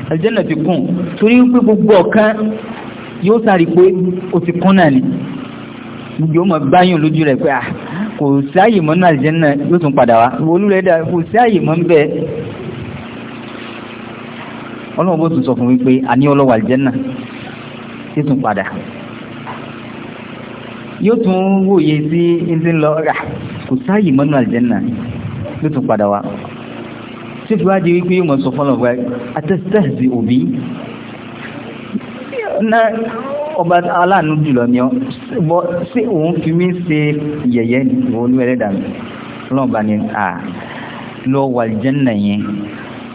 alìjẹ́nà ti kún torí pé gbogbo ọ̀kan yóò sáré pé ó ti kún náà ni gbogbo ọmọ báyọ̀ lójú rẹ̀ pé ah kò sí àyè mọ́ náà jẹ́ náà yóò tún padà wá olúrẹ̀ dà kò sí àyè mọ́ bẹ́ ọlọ́run bó tún sọ fún wípé a ní ọlọ́wà jẹ́ náà tí tún padà yóò tún wòye sí ndí ń lọ rà kò sí àyè mọ́ náà jẹ́ náà yóò tún padà wá tí fi wá di wípé yóò mọ̀ sọ fọ́lọ̀ pé atẹ́sítẹ́sì òbí ọba aláàánú jùlọ ni ọ bọ́ sí òun fi mí ṣe yẹ̀yẹ́ ìwọ̀nú ẹlẹ́dà mi lọ́ọ̀bá ni à lọ wà jẹ́nà yẹn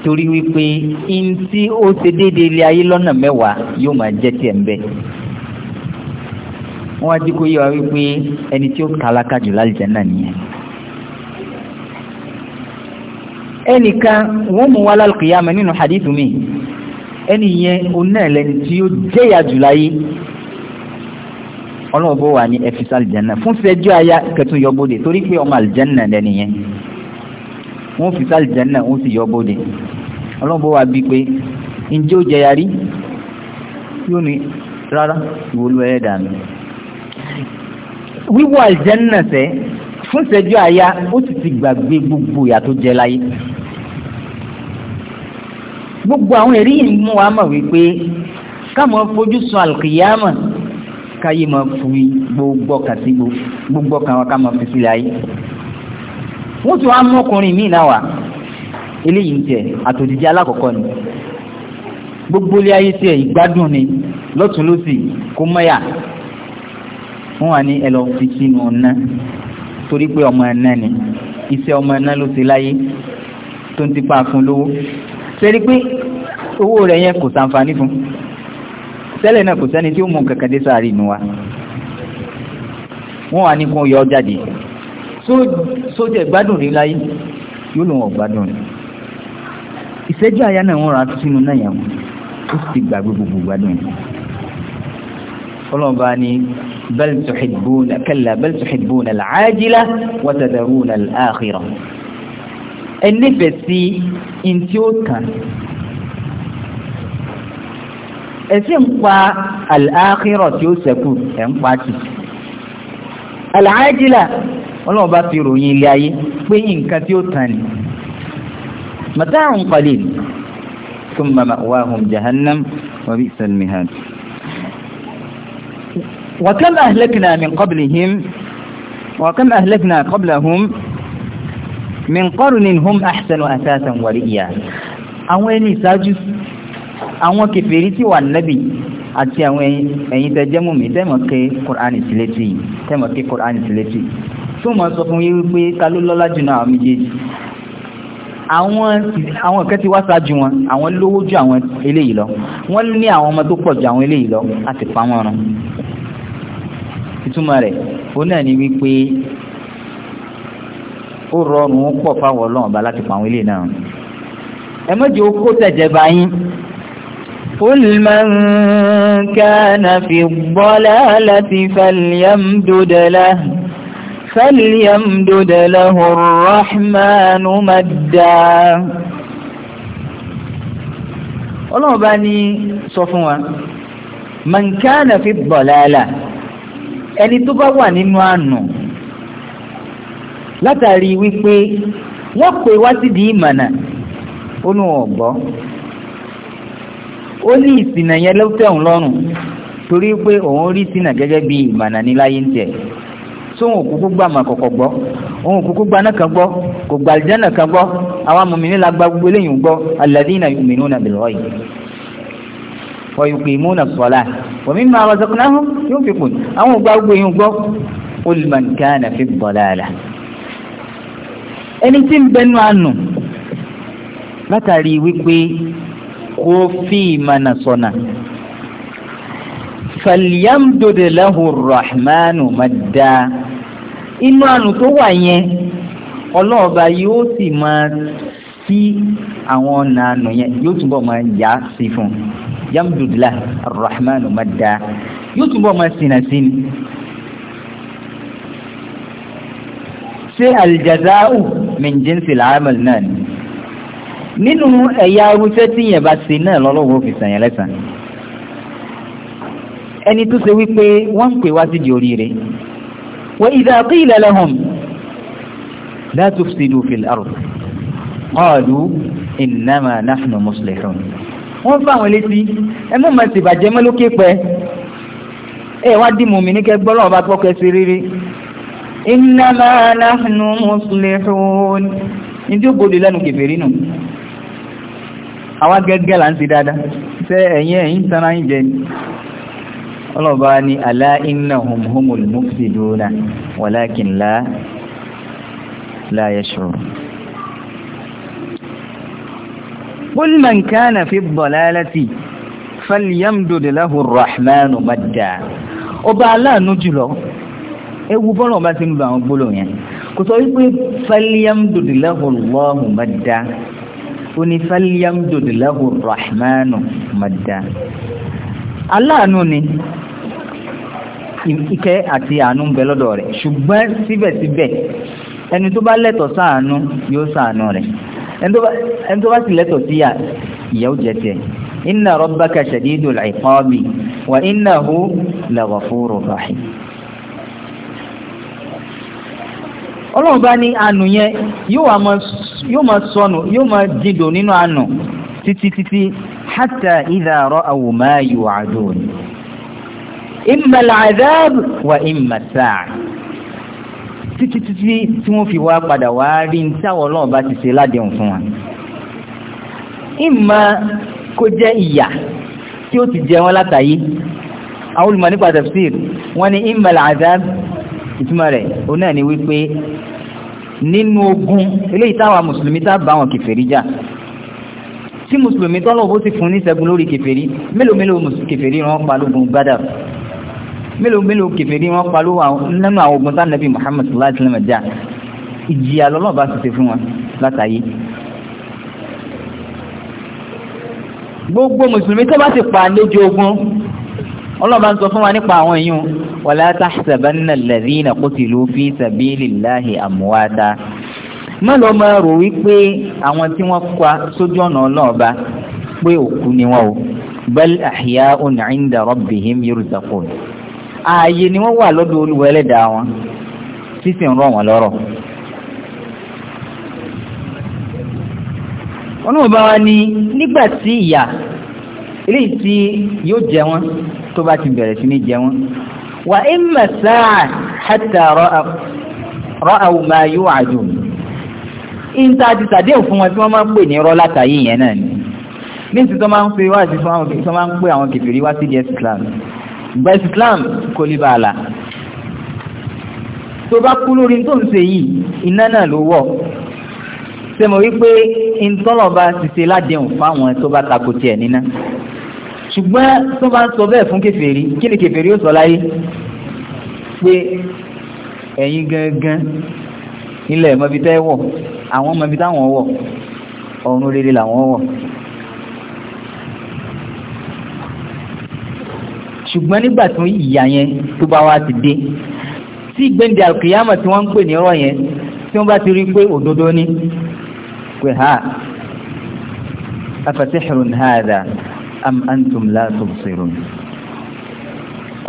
torí wípé in tí ó ṣe déédéé ilé ayé lọ́nà mẹ́wàá yóò máa jẹ́ tiẹ̀ ń bẹ wọ́n á jí kó yé wa wípé ẹni tí ó kàlákà jù lálìjẹ́nà nìyẹn ẹnìkan wọ́n mú wa lálùkìyàmẹ́ nínú hadithu mi ẹni yẹn onáà lẹni tí ó jẹ́yà jù láyé ọlọ́run bó wà ní ẹ̀fíṣà àlìjánná fún sẹ́jọ́ aya kẹtún yọbọdè torí pé ọmọ àlìjánná lẹ́nu yẹn wọ́n fi sàlìjánná wọ́n sì yọbọdè ọlọ́run bó wà bíi pé ǹjẹ́ ó jẹyarí yóò ní rárá ìwòlú ẹ̀ẹ́dà mi wíwọ àlìjánná sẹ́ fún sẹ́jọ́ àyà ó sì ti gbàgbé gbogbo ìyà tó jẹ láyé gbogbo àwọn ẹ̀rí yìí mú wa mọ̀ wípé káwọn fojú sun àlùkìyàmọ̀ káyé máa fi gbogbo ọkàn sí gbogbo ọkàn wa ká máa fi sílẹ̀ ayé wọ́n ti wá mú ọkùnrin míì náà wá eléyìí ń tiẹ̀ àtòjìjì alákọ̀ọ́kọ́ ni gbogbo ilé ayé tiẹ̀ ìgbádùn ni lọ́tún lọ́sì kó mọ́yà wọ́n wà ní ẹ lọ fi sínú ọ̀nà torí pé ọmọ ẹ̀nà ni iṣẹ́ ọmọ ẹ̀nà ló ti láyé tó ń tipa fún lówó ṣe pé owó rẹ̀ yẹn kò sàǹfààní fún un tẹ́lẹ̀ náà kò sẹ́ni tí ó mú kankan dé sáré inú wa wọ́n wà ní kún yọ jáde sójẹ́ gbádùn rí láyé yóò lòun ọ̀gbádùn rí ìṣẹ́jú àyá náà wọ́n ra sínú náà yẹn ó sì gbàgbé gbogbo gbádùn rí ọlọ́ọ̀bá ni bal tuhibbuna ẹ̀sìn ń pa àlàákìrọ̀ tí ó sẹ́kù ẹ̀ ń pa tì àlàájìlà ọlọ́run bá fi ròyìn ilé ayé pé nǹkan tí ó tàn ní mata'un qalil thumma ma'wahum jahannam wa bi'sal mihad wa kam ahlakna min qablihim wa kam ahlakna qablahum min qarnin hum ahsanu asasan wa ri'ya àwọn ẹni ìsáájú àwọn kèfèrí tí wà nẹ́bì àti àwọn ẹ̀yin tẹ́ jẹ́ mùmí tẹ́mọ̀ ké Kùránì sí létí tẹ́mọ̀ ké Kùránì sí létí tó mọ̀ sọ fún yín wípé ta ló lọ́lá jù náà àwọn méjèèjì àwọn kẹ́ ti wá ṣáájú wọn àwọn lówó ju àwọn eléyìí lọ wọ́n ní àwọn ọmọ tó pọ̀ ju àwọn eléyìí lọ àti pa wọn ìtumọ̀ rẹ̀ ó náà ní wípé ó rọrùn pọ̀ fáwọn ọlọ́run bá láti pa àwọn eléyìí náà ẹ mọ́jọ́ kó tẹ̀jẹ̀ báyìí قل من كان في الضلالة فليمدد له فليمدد له الرحمن مدا ọlọ́run bá ní sọ fún wa man kana fi dalala ẹni tó bá wà nínú àánú látàrí wípé wọ́n pè wá sídìí ìmọ̀nà ó ní ọ̀gbọ́n ó ní ìsìnà yẹn ló tẹ́ òun lọ́rùn torí pé òun rí sínà gẹ́gẹ́ bí ìmọ̀nà ní láyé ń tẹ̀ sóhun òkúkú gbà mà kọ̀kọ̀ gbọ́ òun òkúkú gbà náà kan gbọ́ kò gbà àlìjánà kan gbọ́ àwọn amòmìnir la gba gbogbo eléyìí gbọ́ alladhina yu'minuna bil-ghayb wa yuqimuna as-salah wa mimma razaqnahum yunfiqun àwọn ògbà gbogbo yìí gbọ́ qul man kana ẹni tí ń bẹnu àánú látàrí wípé kó fi mana sọnà. falyamdode lahu rahmanu madda inú àánú tó wà yẹn ọlọ́ọ̀ba yóò sì máa sí àwọn ọ̀nà àánú yẹn yóò túbọ̀ máa yá sí fún un yamdode lahu rahmanu madda yóò túbọ̀ máa sinà sí ni. ṣé aljaza'u min jinsi al-amal náà ni nínú ẹ̀yà irúfẹ́ tí yẹn bá ṣe náà lọ́lọ́wọ́ fi sàn yẹn lẹ́sàn ẹni tó ṣe wípé wọ́n ń pè wá sí di oríire wa idha qila lahum la tufsidu fil ard qalu innama nahnu muslihun wọ́n fà wọn létí ẹ mú màá sì bàjẹ́ mọ́ lókè pẹ́ ẹ wá dìmú mi ní kẹgbọ́n lọ́wọ́ bá tọ́kẹ́ sí rírí innama nahnu muslihun ní tí ó gbòdì lẹ́nu kẹfẹ́ rí nù àwa gẹ́gẹ́ là ń ṣe dáadáa ṣé ẹ̀yin ẹ̀yin sanra ń jẹ ni ọlọ́ba ni alá innahum humul mufsiduna walakin la la yash'ur qul man kana fi ad-dalalati falyamdud lahu ar ewu bọ́rọ̀ ọba ti ń lo àwọn gbólóhùn kò sọ wípé falyamdud lahu Allahu madda ó ní falyamdud lahu rahmanu madda aláàánú ni ìkẹ́ àti àánú ń bẹ lọ́dọ̀ rẹ̀ ṣùgbọ́n síbẹ̀síbẹ̀ ẹni tó bá lẹ́tọ̀ sáànú yóò sáànú rẹ̀ ẹni tó bá sì lẹ́tọ̀ sí ìyàwó jẹ́tẹ̀ inna rabbaka shadidul iqabi wa innahu laghafurur rahim ọlọ́run bá ní àánú yẹn yóò máa sọnù yóò máa dìdò nínú àánú títí títí hátà ìdàrọ́ àwòmá yóò àdó ni. ìmọ̀ làdáàb wà ìmọ̀ sáà títí títí tí wọ́n fi wá padà wá rí ní táwọn ọlọ́run bá ti ṣe ládéhùn fún wa. ìmọ̀ kó jẹ́ ìyà tí ó ti jẹ wọn látàyé àwọn olùmọ̀ nípa tafsir wọn ni ìmọ̀ làdáàb ìtumọ̀ rẹ̀ òun náà ni wípé nínú ogun eléyìí táwa mùsùlùmí tá bá wọn kèfèrí jà tí mùsùlùmí tọ́lọ̀ bó ti fún ní ṣẹ́gun lórí kèfèrí mélòó mélòó kèfèrí wọn pa lógun gbádà mélòó mélòó kèfèrí wọn pa lógun àwọn ogun tá Muhammad sallallahu alaihi wasallam jà ìjìyà lọ́lọ́ bá ti ṣe fún wọn látàyé gbogbo mùsùlùmí tó bá ti pa àlejò ogun ọlọ́ba ń sọ fún wa nípa àwọn èèyàn wala tahsabanna alladhina qutilu fi sabilillahi amwata má lọ máa rò wípé àwọn tí wọ́n pa sójú ọ̀nà ọlọ́ọ̀ba pé òkú ni wọ́n o bal ahya'un 'inda rabbihim yurzaqun ààyè ni wọ́n wà lọ́dọ̀ Olúwa ẹlẹ́dàá wọn sísè ń rọ̀ wọ́n lọ́rọ̀. wọn náà bá wa ní nígbà tí ìyà eléyìí tí yóò jẹ wọn tó bá ti bẹ̀rẹ̀ sí ní jẹun wà ìmọ̀ sáà hẹ́tà rọ́ àwọn máa yóò àjò ìta ti sàdéhùn fún wọn tí wọ́n máa ń pè ní rọ́ látàyè yẹn náà ni ní ti tó máa ń pè wá sí fún àwọn tó máa ń pè àwọn kèfèrí wá sí di Islam gba Islam kò lè bàálà tó bá kú lórí tó ń ṣe yìí iná náà ló wọ̀ sẹ́mo wípé ìtọ́lọ̀ bá ti ṣe ládéhùn fáwọn tó bá takò tiẹ̀ níná ṣùgbọ́n tó bá ń sọ bẹ́ẹ̀ fún kèfèrí kí ni kèfèrí ó sọ láyé pé ẹ̀yin gangan ilẹ̀ mọ̀bí tẹ́ wọ̀ àwọn mọ̀bí táwọn wọ̀ ọ̀run rere làwọn wọ̀ ṣùgbọ́n nígbà tó ìyà yẹn tó bá wá ti dé tí gbẹ̀ndẹ̀ àkìyàmọ̀ tí wọ́n ń pè ní ọ̀rọ̀ yẹn tí wọ́n bá ti rí pé òdodo ni pé ha afẹ́tẹ́hìrún hàdà am antum la tubsirun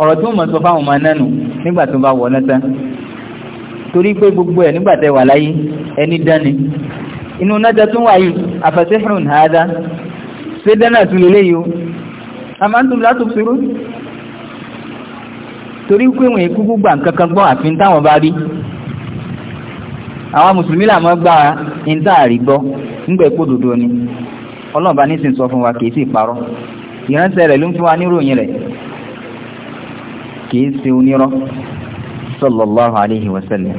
ọ̀rọ̀ tí wọ́n mọ̀ sọ fáwọn ọmọ nánu nígbà tó bá wọ̀ náà tán torí pé gbogbo ẹ̀ nígbà tẹ́ wà láyé ẹni dání inú náà tún wáyé afẹ́sẹ́hùn àádá ṣe dánà tún lè léyìí o a máa ń tún látò fúrú torí pé wọ́n ikú gbogbo nǹkankan gbọ́n àfin táwọn bá rí àwọn mùsùlùmí làmọ́ gbá ìntàrí gbọ́ nígbà ìpòdòdó ni ọlọ́run bá nísìn sọ fún wa kìí sì parọ́ ìránṣẹ́ rẹ̀ ló ń fún wa níròyìn rẹ̀ kìí ṣe onírọ́ sallallahu alayhi wa sallam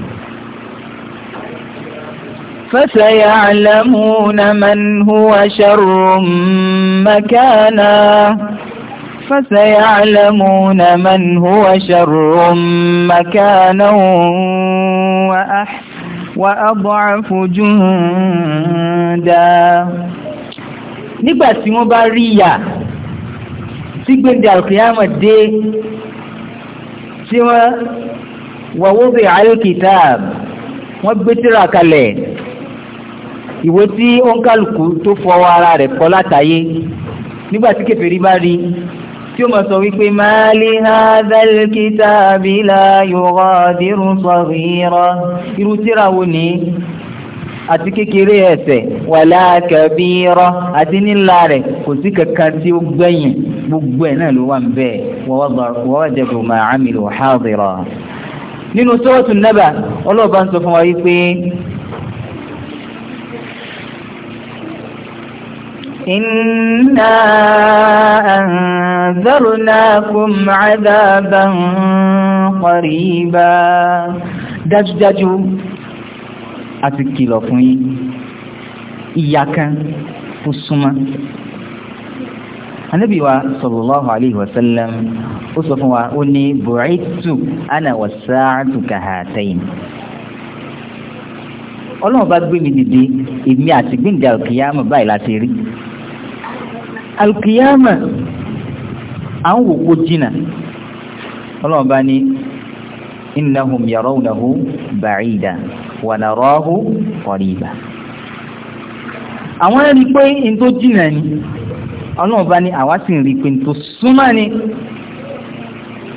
فسيعلمون من هو شر مكانا فسيعلمون من هو شر مكانا وأحسن وأضعف جندا nígbà tí wọ́n bá rí ìyà tí gbèndé alkiyama dé tí wọ́n wàwó bí alkitab wọ́n gbé tírà kalẹ̀ ìwé tí ó ń kálukú tó fọwọ́ ara rẹ̀ kọ́ látàyé nígbà tí bá rí tí ó máa sọ wípé máa lè hadhal kitabi la yughadiru saghira irú tírà wo ni àti kékeré ẹ̀ṣẹ̀ wàlá kẹbíirọ àti nílá rẹ̀ kò sí kankan tí ó gbẹ̀yìn gbogbo ẹ̀ náà ló wà ń bẹ wọ́n jẹ́ kó máa àmìlò hàbìrọ̀. nínú sọ́ọ̀tún nábà ọlọ́ọ̀bá ń sọ fún wa wípé إنا أنذرناكم عذابا قريبا دجدجوا a ti kìlọ̀ fún yín ìyá kan kó súnmọ́ anabi wa sallallahu alayhi wa sallam ó sọ fún wa ó ní bu'ithu ana wa sa'atu kahatayn ọlọ́run bá gbé mi dìde èmi àti gbíǹde alkiyama báyìí láti rí alkiyama à ń jìnnà ọlọ́run bá ní innahum yarawnahu ba'ida wa narahu qariba àwọn rí pé in tó jìnà ni ọlọ́run bá ní àwa sì rí pé in tó súnmọ́ ni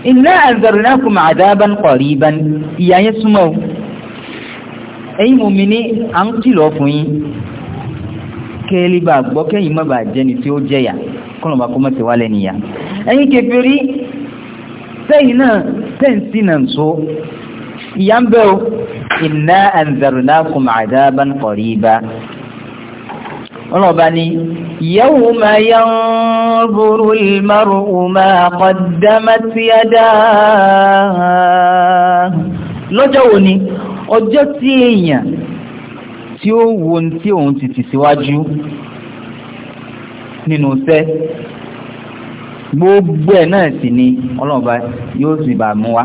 inna anzarnakum adaban qariban ìyà yẹn súnmọ́ o ẹ̀yin mùmínì à ń kìlọ̀ fún yín kẹ́lí bá gbọ́ kẹ́yìn má bàa jẹ́ni tí ó jẹ́yà kọ́nà bá kọ́ mọ́ ti wá lẹ́nìyà ẹ̀yin kẹfìrí sẹ́yìn náà sẹ́ǹsì náà tó ìyá ń bẹ́ o inna anzarnakum adaban qariba ọlọ́ba ni yawma yanzuru al-mar'u ma qaddamat yadahu lọ́jọ́ wo ni ọjọ́ tí èèyàn tí ó wo tí òun ti tì síwájú nínú iṣẹ́ gbogbo ẹ̀ náà sì ni ọlọ́ọ̀ba yóò sì bá mú wa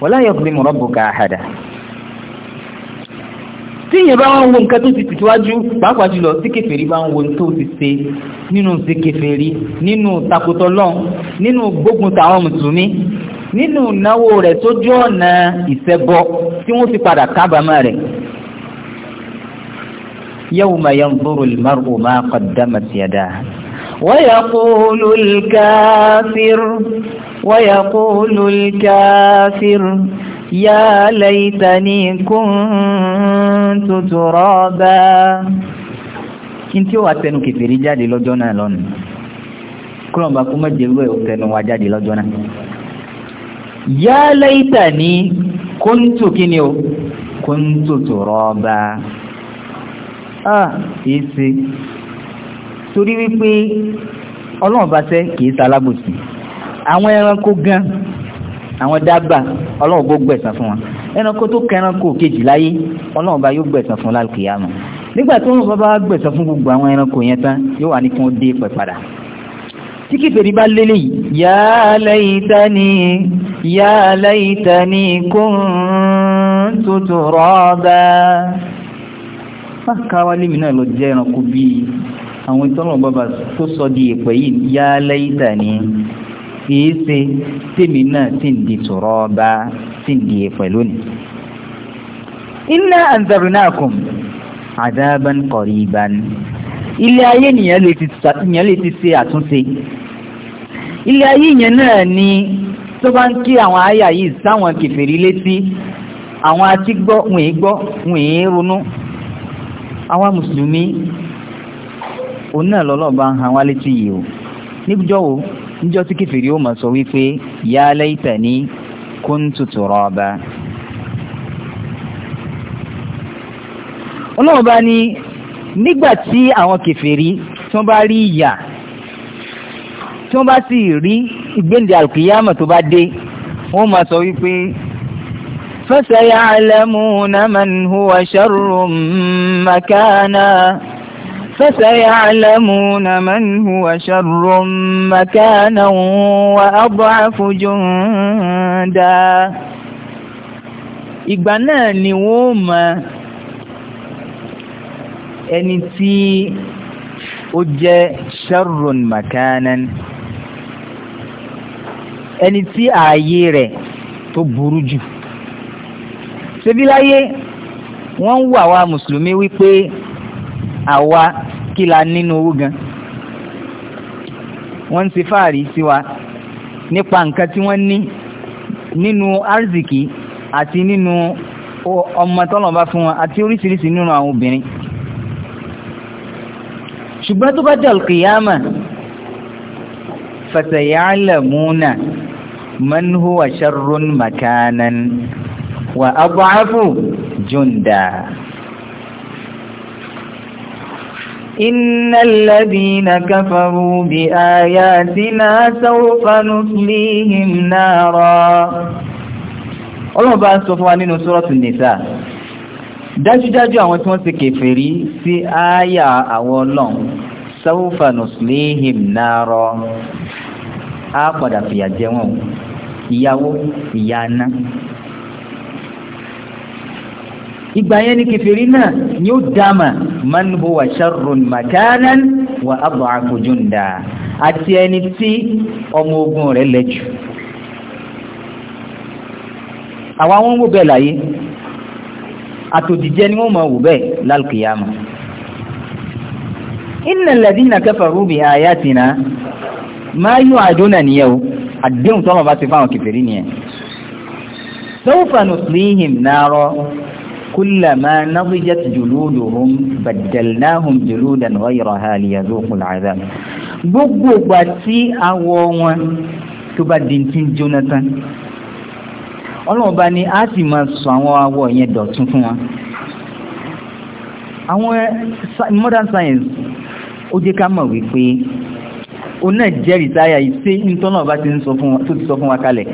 wala yadhlimu rabbuka ahada tí yẹn bá wọn wo nǹkan tó ti tìtìwájú pàápàá jùlọ tí kèfèrí bá ń wo tó ti ṣe nínú ṣe kèfèrí nínú takotọ lọ́n nínú gbógun tàwọn mùsùlùmí nínú ìnáwó rẹ̀ sójú ọ̀nà ìṣẹ́bọ tí wọ́n ti padà kábàámọ̀ rẹ̀. yawma yanzuru al-mar'u ma ويقول الكافر ويقول الكافر يا ليتني كنت ترابا انتي واتنو كفيري جادي لو جونا لون كلهم باكو مجيبوا يوتنو وجادي لو جونا يا ليتني كنت كنيو كنت ترابا اه ايسي torí wípé ọlọ́run bá sẹ́ kìí sálábòsí àwọn ẹranko gan àwọn dágbà ọlọ́run bó gbẹ̀san fún wọn ẹranko tó kẹranko kejì láyé ọlọ́run bá yóò gbẹ̀san fún lálùkìyàmù nígbà tó ń bá gbẹ̀san fún gbogbo àwọn ẹranko yẹn tán yóò wà ní kí wọ́n dé pẹ̀ padà tí kèfèrí bá lélẹ̀ yìí yà á laytani yà á laytani kuntu turaba. wọ́n ká wálé mi náà lọ jẹ́ ẹranko bíi àwọn ìtọ́nà bàbá tó sọ di ìpè yìí yá lẹ́yìntà ni kìí ṣe tèmi náà sì ń di tòrọ́ bá sì ń di ìpè lónìí. inna anzarnakum adaban qariban ilé ayé nìyẹn lè ti ṣe àtúnṣe ilé ayé yẹn náà ni tó bá ń kí àwọn àyà yìí sáwọn kèfèrí létí àwọn atígbọ́ wọ̀nyí gbọ́ wọ̀nyí ronú àwa mùsùlùmí òun náà lọ́lọ́ba ń han wá létí yìí o níjọ́ wo níjọ́ tí kẹfìrí ó mọ̀ sọ wípé ya laitani kuntu turaba. ọlọ́run bá ní nígbà tí àwọn kẹfìrí tí wọ́n bá rí ìyà tí wọ́n bá sì rí ìgbéǹde àlùkìyàmọ̀ tó bá dé wọ́n máa sọ wípé fasaya'lamuna man huwa sharrun makana. فسيعلمون من هو شر مكانا وأضعف جندا ìgbà náà ni wọ́n mọ ẹni tí ó jẹ́ sharrun makanan ẹni tí ààyè rẹ̀ tó burú jù ṣebí láyé wọ́n ń wà wá mùsùlùmí wípé àwa kí la nínú owó gan wọ́n ń ṣe fáàrí sí wa nípa nǹkan tí wọ́n ní nínú arziki àti nínú ọmọ tọ́lọ̀ bá fún wọn àti oríṣiríṣi nínú àwọn obìnrin ṣùgbọ́n tó bá jẹ́ alkiyama fasayalamuna man huwa sharrun makanan wa ad'afu junda. إن الذين كفروا بآياتنا سوف نصليهم نارا ọlọ́run bá ń sọ fún wa nínú sọ́rọ̀tù nìsá dájúdájú àwọn tí wọ́n ti kèfèrí sí àyà àwọn ọlọ́run sawfa nuslihim naro á padà fìyà jẹ wọ́n ìyàwó ìyà ìgbà yẹn ni kẹfìrí náà ni ó dáàmà man huwa sharrun makanan wa ad'afu junda àti ẹni tí ọmọ ogun rẹ̀ lẹ́jù àwọn àwọn wò bẹ́ẹ̀ láyé àtòjìjẹ́ ni wọ́n mọ̀ wò bẹ́ẹ̀ lálùkìyàmà innal kafaru bi ayatina ma yu'aduna nìyẹn o àdéhùn tọ́lọ̀ bá ti fáwọn kẹfìrí nìyẹn sawfa nuslihim naro كلما نضجت جلودهم بدلناهم جلودا غيرها ليذوقوا العذاب gbogbo ìgbà tí awọ wọn tó bá di ti ń jóná tán ọlọ́run bá ní á sì máa sọ àwọn awọ yẹn dọ̀tún fún wọn. àwọn modern science ó jẹ́ ká mọ̀ wípé òun náà jẹ́rìí táyà yìí ṣé bá ti sọ fún wa kalẹ̀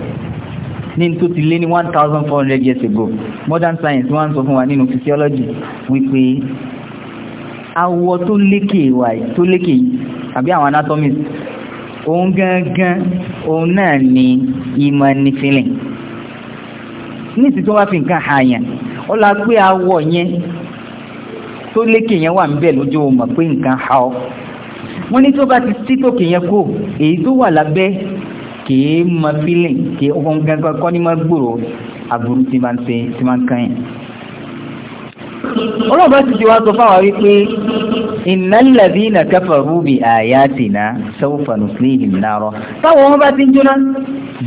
ní tó ti lé ní 1400 years ago modern science wọ́n sọ fún wa nínú physiology wípé awọ tó lékè wà tó lékè àbí àwọn anatomist òun gangan òun náà ni ìmọ̀ ní feeling ní ìsìn tó wá fi nǹkan àyàn ó la pé awọ yẹn tó lékè yẹn wà ń bẹ̀ lójú o pé nǹkan ha ọ wọ́n ní tó bá ti sí tòkè kó èyí tó wà lábẹ́ kìí mọ fílẹ̀ kìí ọkùn gangan kọ́ ní mọ́ gbòòrò àbúrú tí máa ń ṣe tí máa ń kàn yín. ọlọ́ọ̀bá ti ti wá sọ fáwọn wípé innal ladhina kafaru bi ayatina sawfa nuslihim naro táwọn ọmọ bá ti ń jóná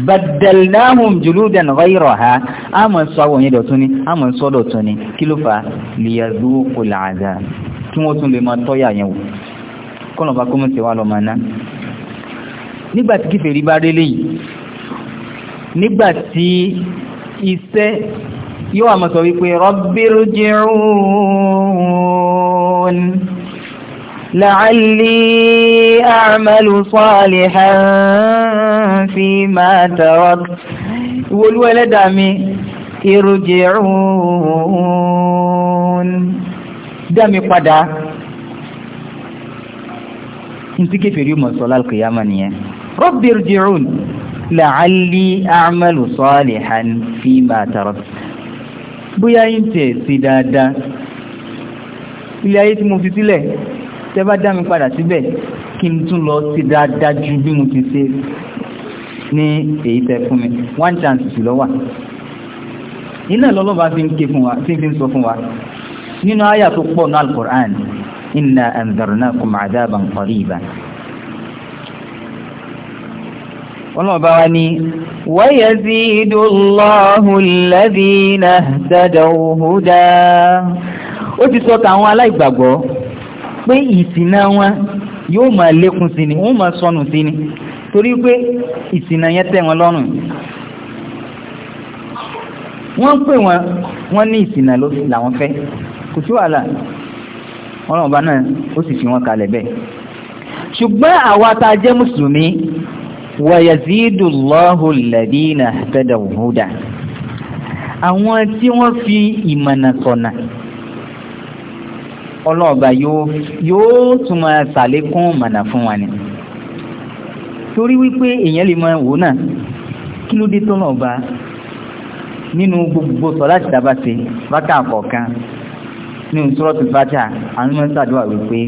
baddalnahum juludan ghayraha a mọ̀ sọ àwọn yẹn dọ̀tún ni a mọ̀ sọ dọ̀tún ni kí ló fà liyadhuqul azab kí wọ́n tún lè máa tọ́yà yẹn wò kọ́nà bá kọ́mọ̀tì wa lọ́ọ́ máa nígbà tí kèfèrí bá rí léyìí nígbà tí iṣẹ́ yóò àmọ́ sọ wípé Rabbirji'un la'alli a'malu salihan fima tarak ìwòlú ẹlẹ́dàá mi irji'un dá mi padà ní tí kèfèrí mọ̀ sọ lálùkìyàmà nìyẹn rabbi irji'un la'alli a'malu salihan fima tarak bóyá yín tẹ̀ sí dáadáa ilé ayé tí mo fi sílẹ̀ tẹ́ bá dá mi padà síbẹ̀ kí n tún lọ sí dáadáa ju bí mo ti ṣe ní èyí tẹ́ fún mi one chance sì lọ wà iná lọ́lọ́ba fi ń ké fún wa tí fi ń sọ fún wa nínú àyà tó pọ̀ ní inna anzarnakum adaban qariban ọlọ́run bá wá ní wayazidu na alladhina ihtadaw huda ó ti sọ tàwọn aláìgbàgbọ́ pé ìsìnà wọn yóò ma lékún sí ni wọ́n ma sọnù sí ni torí pé ìsìnà yẹn tẹ́ wọn lọ́rùn wọ́n pè wọn wọ́n ní ìsìnà ló làwọn fẹ́ kò sí wàhálà ọlọ́run bá náà ó sì fi wọn kalẹ̀ bẹ́ẹ̀ ṣùgbọ́n àwa ta je jẹ́ mùsùlùmí ويزيد الله الذين tẹ́dà òhúdà àwọn tí wọ́n fi ìmọ̀nà sọ̀nà ọlọ́ọ̀bà yóò tún máa ṣàlékún mọ̀nà fún wa ni torí wípé èèyàn lè máa wò náà kí ló dé tó náà bá nínú gbogbo sọ láti dábàá sí bákà kọ̀ọ̀kan ní ìṣúrọ́tù fàtíà àwọn ọmọ ìṣàdúrà wípé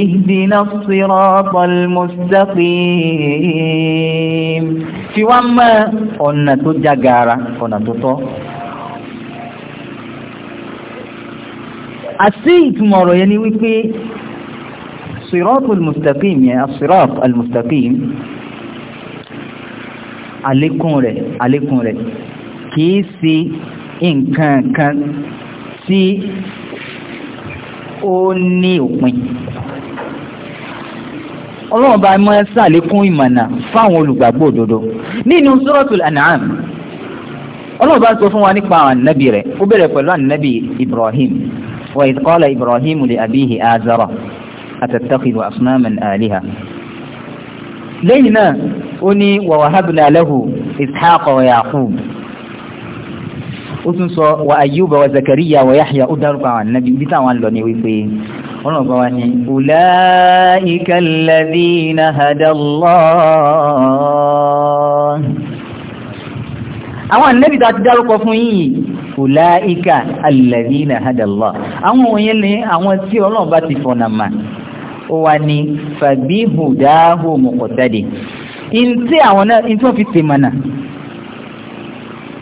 ihdina siratal mustaqim fi wá mọ́ ọ̀nà tó jágara ọ̀nà tó tọ́ àti ìtumọ̀ ọ̀rọ̀ yẹn ni wípé siratal mustaqim yẹn siratal mustaqim àlékún rẹ̀ àlékún rẹ̀ kìí sí nǹkan kan sí ó ní òpin ọlọ́run bá mọ́ sàlékún ìmọ̀nà fáwọn olùgbàgbọ́ òdodo nínú suratul an'am ọlọ́run bá sọ fún wa nípa àwọn ànábì rẹ̀ ó bẹ̀rẹ̀ pẹ̀lú ànábì ibrahim wa idh ibrahim li abihi azara atattakhidhu asnaman aliha lẹ́yìn náà ó ní wa wahabna lahu ishaqa ó tún sọ wa ayuba wa zakariya wa yahya ó dárúkọ àwọn ànábì ibi táwọn lọ ní wípé ọlọ́run bá wa ní ulaika alladhina hadallah àwọn ànábì tá a ti dárúkọ fún yìí ulaika alladhina àwọn òyìn ní àwọn tí ọlọ́run ti fọ̀nà ó wá ní fabihudahu muqtadi in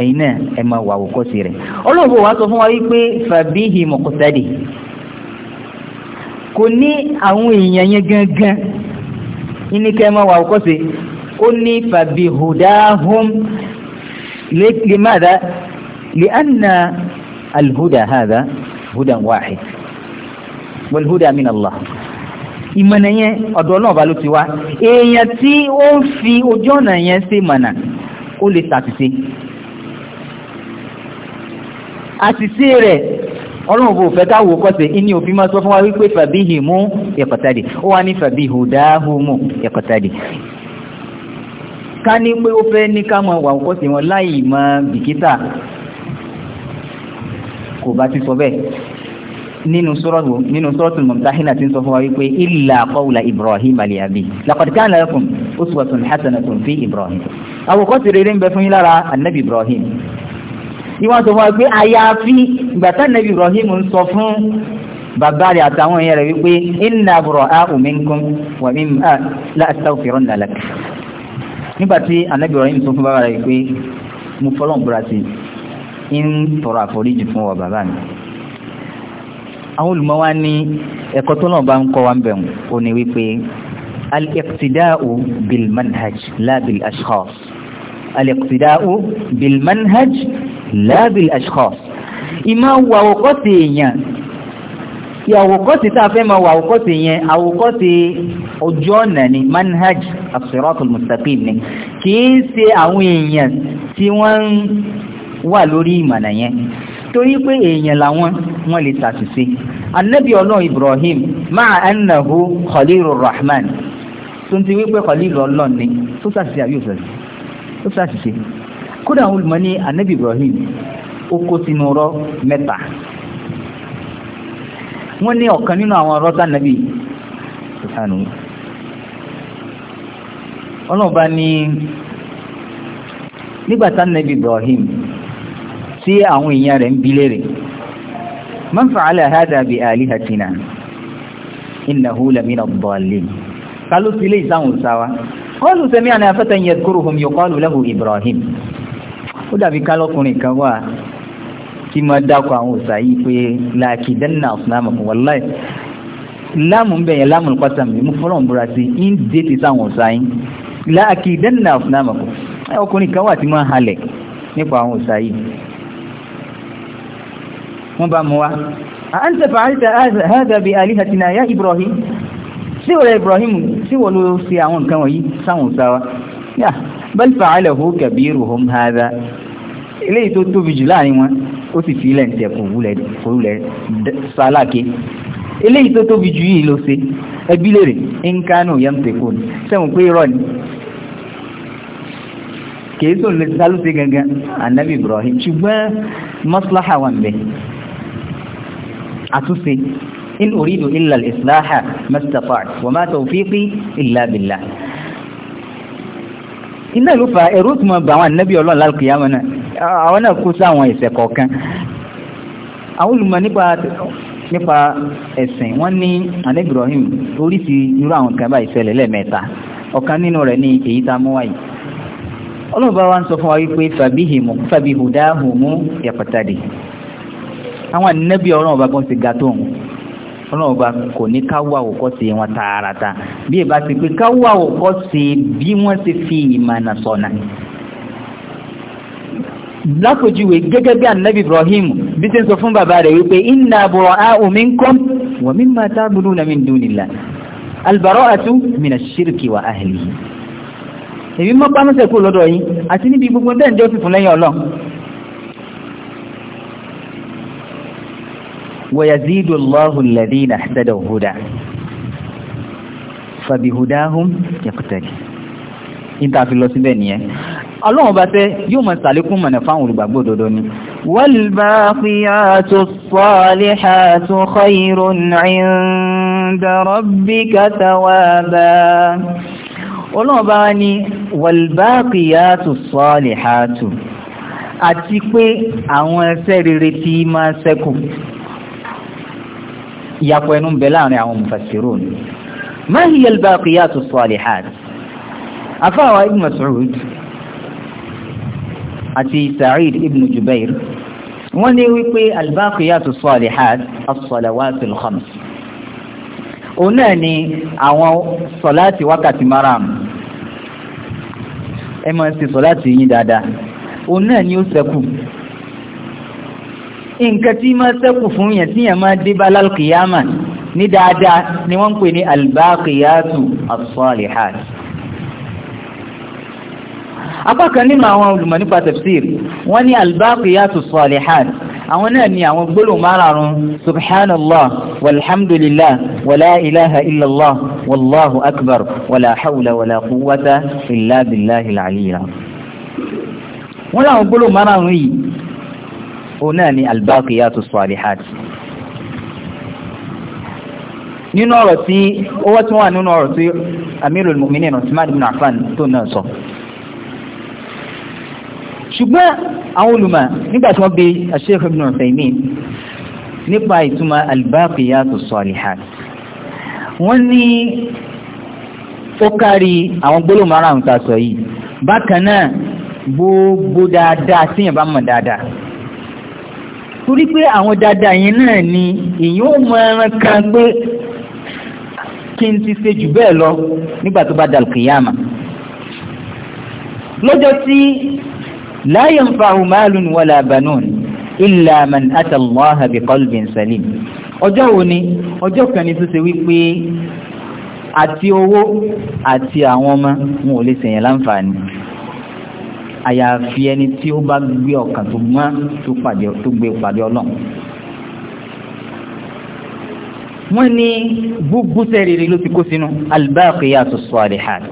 ẹ̀yin náà ẹ máa wà àwòkọ́ṣe rẹ̀ olóògbé wa sọ fún wa wípé fàbíhì mọ̀kọ́sádì kò ní àwọn èèyàn yẹn gangan ní kẹ́ máa wà àwòkọ́ṣe ó ní fàbíhùdáhùn lèmádà lèánà alhuda hàdà hudan wáhid wàlhúdà mìnàlá ìmọ̀nà yẹn ọ̀dọ̀ náà bá ló ti wá èèyàn tí ó ń fi ojú ọ̀nà yẹn ṣe mọ̀nà ó lè ṣàtúnṣe àṣìṣe rẹ̀ ọlọ́run bò fẹ́ káwò kọ́sẹ̀ inú òfin máa sọ fún wa wípé fàbíhì mú ẹ̀kọ̀tàdì ó wá ní fàbíhù dáhù mú ẹ̀kọ̀tàdì ká ní pé ó fẹ́ ní ká mọ wà kọ́sẹ̀ wọn láì mọ bìkítà kò bá ti sọ bẹ́ẹ̀ nínú sọ́rọ̀tù nínú mọ̀mtáhínà tí ń sọ fún wa wípé illa qawla ibrahim aliyabi laqad kana lakum uswatun hasanatun fi ibrahim àwòkọ́sẹ̀ rere ń bẹ fún yín lára annabi ibrahim ni wọ́n sọ fún wa pé àyàfi ìgbà tá nàbí Ibrahim ń sọ fún bàbá rẹ̀ àtàwọn èèyàn rẹ̀ wípé inna bura'u minkum wa mimma la astaghfirunna lak nígbà tí ànábì Ibrahim sọ fún bàbá rẹ̀ wípé mo fọlọ́n búra sí ń tọrọ àforíjì fún wa bàbá mi àwọn olùmọ̀ wa ní ẹ̀kọ́ tó náà bá ń kọ́ wa ń bẹ̀rù ó ní wípé al-iqtida'u bil manhaj la bil ashkhas al láàbì ashkhas ìmọ̀ wà àwòkọ́sì èèyàn ti àwòkọ́sì tá a fẹ́ máa wà àwòkọ́sì yẹn àwòkọ́sì ojú ọ̀nà ni manhaj as-siratul mustaqim ni kìí ṣe àwọn èèyàn tí wọ́n ń wà lórí ìmọ̀nà yẹn torí pé èèyàn làwọn wọ́n lè ṣàṣìṣe anabi ọlọ́run ibrahim máa annahu khalilur rahman tó ti wípé khalilur ọlọ́run tó ṣàṣìṣe àbí òṣàṣìṣe kódà àwọn olùmọ̀ ní anabi ibrahim ó kó sínú ọ̀rọ̀ mẹ́ta wọ́n ní ọ̀kan nínú àwọn ọ̀rọ̀ tánàbí sànù ọlọ́ọ̀bá ní nígbà tánàbí ibrahim tí àwọn èèyàn rẹ̀ ń bi léèrè man fa'ala hadha bi alihatina innahu lamina ad-dallin kalu sile isawun sawa qalu sami'na fatan yadhkuruhum yuqalu lahu ibrahim ó dàbí kálọ́kùnrin kan wà kí máa dákọ̀ àwọn òsà yìí pé làkìdánná ọ̀sánàmù wàláì láàmù ń bẹ̀yẹn láàmù pátàmì mú fọ́lọ́n búra sí in déètì sáwọn òsà yìí làkìdánná ọ̀sánàmù ọkùnrin kan wà tí máa halẹ̀ nípa àwọn òsà yìí wọ́n bá mú wa àǹtẹ̀ fàáìtà hádàbí àlíhàtìnà yá Ibrahim síwọ̀lẹ̀ Ibrahim síwọ̀ ló fi àwọn nǹkan wọ̀nyí sáwọn òsà wa eléyìí tó tóbi jù láàrin wọn ó sì fi ilẹ̀ ń tẹ̀ kò wúlẹ̀ sáláàkè eléyìí tó tóbi jù yìí ló ṣe ẹbí lèrè nkánú yẹn tẹ̀ kò ní sẹ́wọ̀n pé irọ́ ni kìí sóun lè sálùsẹ̀ gangan anabi Ibrahim ṣùgbọ́n maslaha wà ń àtúnṣe in uridu illa al-islaha mastata'tu wa ma tawfiqi illa billah iná ló fa ẹ̀rú tó mọ̀ bá àwọn anabi ọlọ́run lálùkìyàmọ́ náà àwọn náà kú sáwọn ìṣẹ̀ kọ̀ọ̀kan àwọn olùmọ̀ nípa ẹ̀sìn wọ́n ní ànábì Ibrahim oríṣi irú àwọn kan báyìí ṣẹlẹ̀ lẹ́ẹ̀mẹ́ta ọ̀kan nínú rẹ̀ ní èyí tá a mú wáyìí ọlọ́run bá wa ń sọ fún wa wípé fàbíhìmù fàbíhùdáhùmù yàpàtàdì àwọn ànábì ọlọ́run ọba kan ti ga tó òun ọlọ́run ọba kò ní ká wá òkọ́sí wọn tààràtà bí ìbá ti pé ká wá òkọ́sí bí wọ́n ti fi ìmọ̀ nà sọ̀nà lápòjúwe gẹ́gẹ́ bí annabi ibrahim bí tí ń sọ fún bàbá rẹ̀ wípé inna bura'a'u minkum wa mimma ta'buduna min dunillah albara'atu min ash-shirki wa ahlihi èmi mọ́ pámọ́sẹ̀ kú lọ́dọ̀ yìí àti níbi gbogbo dẹ́ǹdẹ́ fífún lẹ́yìn ọlọ́ wa níta fi lọ síbẹ̀ nìyẹn ọlọ́run bá fẹ́ yóò mọ̀ sàlékún mọ̀nà fáwọn olùgbàgbọ́ òdodo ni والباقيات الصالحات خير عند ربك ثوابا والباقيات الصالحات àti pé àwọn ẹsẹ́ rere tí máa ṣẹ́kù ìyàpọ̀ ẹnu ń bẹ láàrin àwọn mufassirun ما هي الباقيات الصالحات afáwa ibn Mas'ud àti Sa'id ibn Jubair wọ́n ní wípé albaqiyatu salihat as-salawatul khams òun náà ni àwọn sọláàtì wákàtí maram ẹ máa ń ṣe sọláàtì yín dáadáa òun náà ni ó ṣẹ́kù nǹkan tí máa ṣẹ́kù fún yẹn tí yẹn máa dé bá lálùkìyàmà ní dáadáa ni wọ́n ń pè ní albaqiyatu as-salihat apá kan nínú àwọn olùmọ̀ nípa tafsir wọ́n ní albaqiyatu salihat àwọn náà ni àwọn gbólóhùn márààrún subhanallah walhamdulillah wala ilaha illallah wallahu akbar wala hawla wala quwwata illa billahi al-aliyya wọ́n láwọn gbólóhùn márààrún yìí òun náà ni albaqiyatu salihat nínú ọ̀rọ̀ tí ó wọ́n tún wà nínú ọ̀rọ̀ tí amirul mu'minin Usman ibn Affan ṣùgbọ́n àwọn olùmọ̀ nígbà tí wọ́n bi Sheikh Ibn Uthaymeen nípa ìtumọ̀ al-Baqiyatus Salihat wọ́n ní ó kárí àwọn gbólóhùn márùn-ún ta sọ yìí bákan náà gbogbo dáadáa síyàn bá mọ̀ dáadáa torí pé àwọn dáadáa yẹn náà ni èyí ó mọ ẹran kan pé kí n ti ṣe jù bẹ́ẹ̀ lọ nígbà tó bá dàlùkìyàmà lọ́jọ́ tí لا ينفع مال ولا بنون إلا من أتى الله بقلب سليم ọjọ́ wo ni ọjọ́ kan ni tó ṣe wípé àti owó àti àwọn ọmọ wọn ò lè ṣèyàn láǹfààní àyàfi ẹni tí ó bá gbé ọkàn tó mọ́ tó gbé pàdé ọlọ́run wọ́n ní gbogbo sẹ́rẹ̀ẹ́rẹ́ ló ti kó sínú albaqiyatu salihat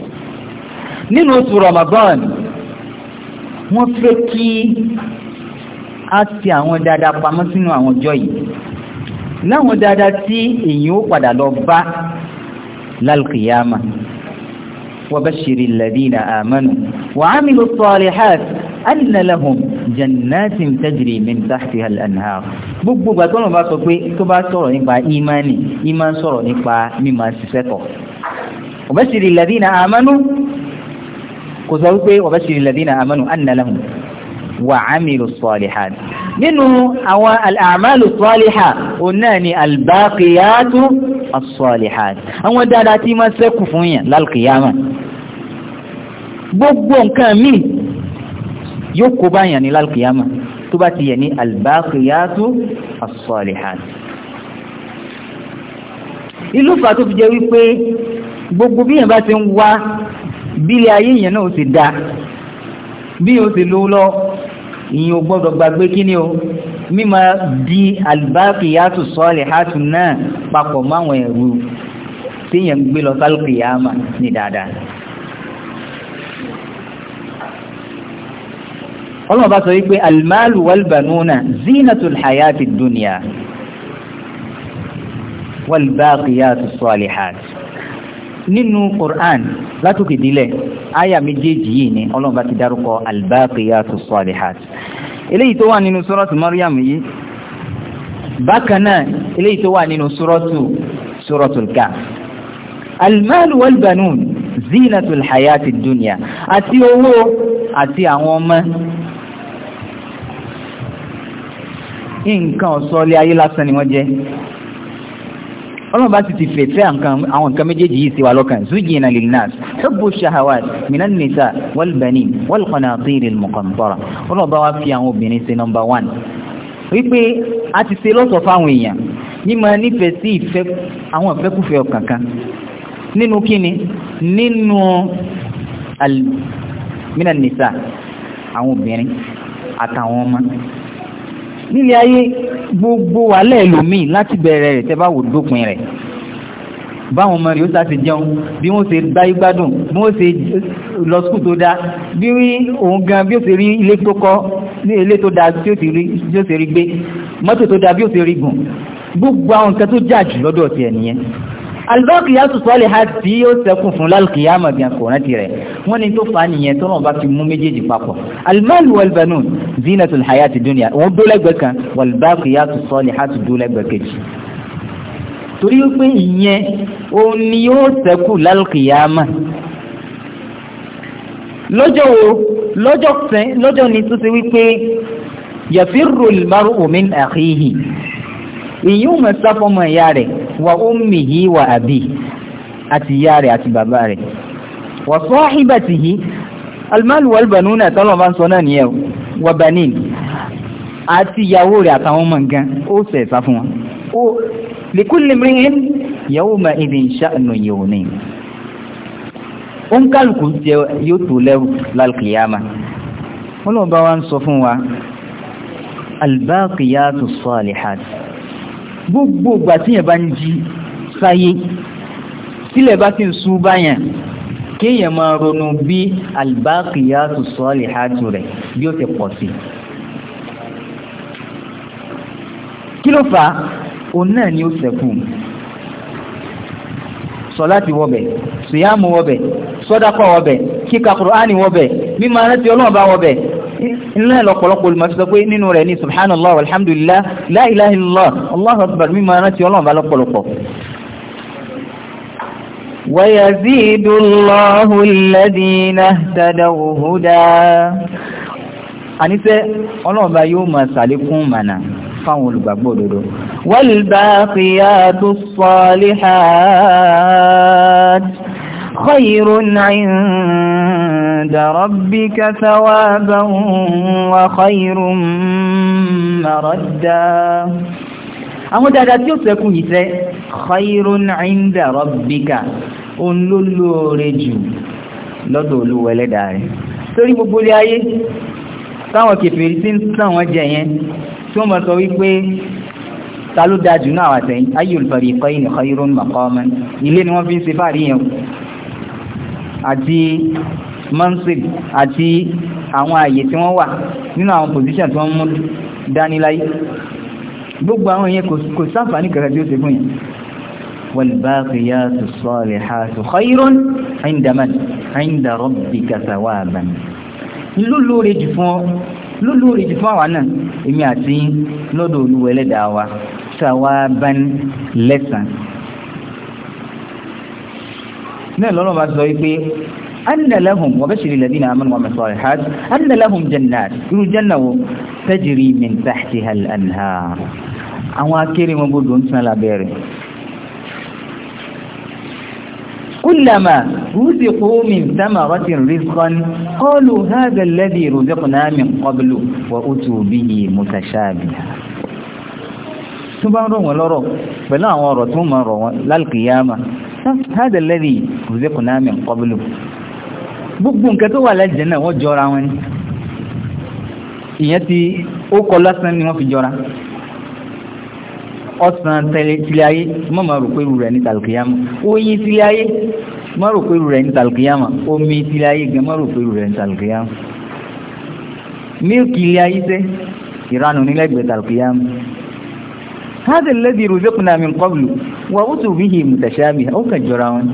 nínú oṣù Ramadan wọ́n fẹ́ kí a ti àwọn dáadáa pamọ́ sínú àwọn ọjọ́ yìí láwọn dáadáa tí èyí ó padà lọ bá lálùkìyàmà وبشر الذين آمنوا وعملوا الصالحات أن لهم جنات تجري من تحتها الأنهار gbogbo ìgbà tọ́lọ̀ bá sọ pé tó bá sọ̀rọ̀ nípa ìmánì ìmá sọ̀rọ̀ nípa mímọ̀ ṣiṣẹ́ tọ̀ وبشر الذين آمنوا kò sọ wípé wabashiril ladina amanu anna lahum wa amilu salihat nínú àwọn al-a'malu salihah òun náà ni al-baqiyatu as-salihat àwọn dáadáa tí máa ṣẹ́kù fún yàn lálùkìyàmà gbogbo nǹkan míì yóò kó bá yàn ní lálùkìyàmà tó bá ti yẹ ní al-baqiyatu as tó fi jẹ́ wípé gbogbo bí yàn bá ti ń wá bí ilé ayé yẹn náà ó sì da bí ó sì lówó lọ ìyẹn ò gbọ́dọ̀ gbàgbé kí ni o mímọ di albaqiyatu salihatu náà papọ̀ máwọn ẹ̀rù téèyàn ń gbé lọ sálùkìyàmà ní dáadáa. ọlọ́run bá sọ wípé almalu walbanuna zinatul hayati dunya walbaqiyatu salihatu nínú Qur'an látòkè dílẹ̀ àyà méjèèjì yìí ni ọlọ́run bá ti dárúkọ al-baqiyatus salihat eléyìí tó wà nínú suratu Maryam yìí bákan náà eléyìí tó wà nínú suratu suratul Kahf al-mal wal banun zinatul hayatid dunya àti owó àti àwọn ọmọ nǹkan ọ̀sọ́lé ayé lásán ni wọ́n jẹ́ ọlọ́run bá sì ti fẹ̀fẹ́ àwọn nǹkan méjèèjì yìí sí wa lọ́kàn zujina lilnas hubbu shahawat minan nisa wal banin wal qanatir al muqantara ọlọ́run bá wá fi àwọn obìnrin sí nọmba wán wípé a ti ṣe lọ́sọ̀ fáwọn èèyàn mímọ nífẹ̀ẹ́ sí ìfẹ́ àwọn ìfẹ́kùfẹ́ ọ̀kankan nínú kíni nínú minan nisa àwọn obìnrin àtàwọn ọmọ nílé ayé gbogbo wàhálẹ̀ ẹlòmíì láti bẹ̀rẹ̀ rẹ̀ tẹ́ bá wò dópin rẹ̀ báwọn ọmọ rẹ̀ ó sáti jẹun bí wọ́n ṣe gbáyé gbádùn bí wọ́n ṣe lọ skul tó dá bí òun gan bí ó ṣe rí ilé tó kọ́ ní ilé tó dá tí ó ṣe rí gbé mọ́tò tó dá bí ó ṣe rí gùn gbogbo àwọn nǹkan tó jà jù lọ́dọ̀ tiẹ̀ nìyẹn alibaki yasu sọ́ọ̀lì ha tí yóò sẹ́kùn fún lálùkì yá màbí àkùnrin tirẹ̀ wọ́n ní tó fa nìyẹn tó náà bá fi mú méjèèjì papọ̀ alimali walibanu zinatul hayati dunya wọ́n dólẹ́gbẹ̀ kan walibaki yasu sọ́ọ̀lì ha tún dólẹ́gbẹ̀ kejì torí pé ìyẹn òun ni yóò sẹ́kù lálùkì yá mà lọ́jọ́ wo lọ́jọ́ ni tó ti wípé yafirru al-mar'u min ìyẹn ò mọ̀ sá fọmọ ìyá rẹ̀ wà ummihi wà abi àti ìyá rẹ̀ àti bàbá rẹ̀ wà sahibatihi almalu wal banuna tọ́lọ̀ bá ń sọ náà nìyẹn wà banin àti ìyàwó rẹ̀ àtàwọn ọmọ nǹkan ó sẹ̀ sá fún wọn ó li kulli mri'in yawma idhin sha'nun yughni ó ń kálukú jẹ yóò tó lẹ́rù lálùkìyàmà wọ́n lọ́ọ́ bá wa ń sọ fún wa albaqiyatu salihat gbogbo ìgbà tíyẹn bá ń jí sáyé tílẹ̀ bá ti ń sú báyẹn kéèyàn máa ronú bí albaqiyatu salihatu rẹ̀ bí ó ti pọ̀ sí kí ló fà á òun náà ni ó ṣẹ́kù sọláti wọbẹ̀ sùyàmù wọbẹ̀ sọ́dákọ̀ wọbẹ̀ kíka kùránì wọbẹ̀ mímọ arántí ọlọ́ọ̀bá wọbẹ̀ ńlá lọ́pọ̀lọpọ̀ olùmọ̀ sọ pé nínú rẹ̀ ní subhanallah alhamdulillah la ilaha illallah allahu akbar mímọ rántí ọlọ́run bá lọ́pọ̀lọpọ̀ ويزيد الله الذين اهتدوا هدى àníṣẹ́ ọlọ́run bá yóò máa ṣàlékún mànà fáwọn olùgbàgbọ́ òdodo والباقيات الصالحات خير عند عند ربك ثوابا وخير مردا àwọn dáadáa tí ó ṣẹ́kù yìí fẹ́ khairun inda rabbika òun ló lóore jù lọ́dọ̀ olúwa ẹlẹ́dàá rẹ̀ torí gbogbo ilé ayé táwọn kèfèrí tí ń tàn wọ́n jẹ yẹn tí wọ́n mọ̀ sọ wípé ta ló dáa jù náà àtẹ̀yìn ayyul fariqayn khairun maqaman ilé ni wọ́n fi ń ṣe fàárí yẹn àti mansib àti àwọn àyè tí wọ́n wà nínú àwọn position tí wọ́n mú dání láyé gbogbo àwọn èèyàn kò sáfàní kẹta tí ó ti fún yìí والباقيات الصالحات خير عند من عند ربك ثوابا lólórí jù fún lólórí jù fún àwa náà èmi àti ثوابا lẹ́san náà lọ́nà bá sọ wípé أن لهم وبشر الذين آمنوا وعملوا الصالحات أن لهم جنات جنة تجري من تحتها الأنهار àwọn akérèmọ́bodò ń san lábẹ́ rẹ̀ كلما رزقوا من ثمرة رزقا قالوا هذا الذي رزقنا من قبل وأتوا به متشابها سبحان الله ń rọ̀ wọ́n lọ́rọ̀ pẹ̀lú àwọn ọ̀rọ̀ tó هذا الذي رزقنا من قبل gbogbo nǹkan tó wà lẹ́jẹ̀ náà wọ́n jọra wọn ni ìyẹn ti ó kọ lásán ni wọ́n fi jọra ọ̀sán tilé ayé mọ́ máa rò pé irú rẹ̀ ní tàlùkìyàmù oyin tilé ayé mọ́ rò pé irú rẹ̀ ní tàlùkìyàmù omi tilé ayé gan mọ́ rò pé irú rẹ̀ ní tàlùkìyàmù mílkì ilé ayé sẹ́ ìranù nílẹ̀gbẹ̀ẹ́ tàlùkìyàmù hádà lẹ́dí rùzẹ́kùnà min wà ó tù bíhì mùtàṣábì ó kàn jọra wọn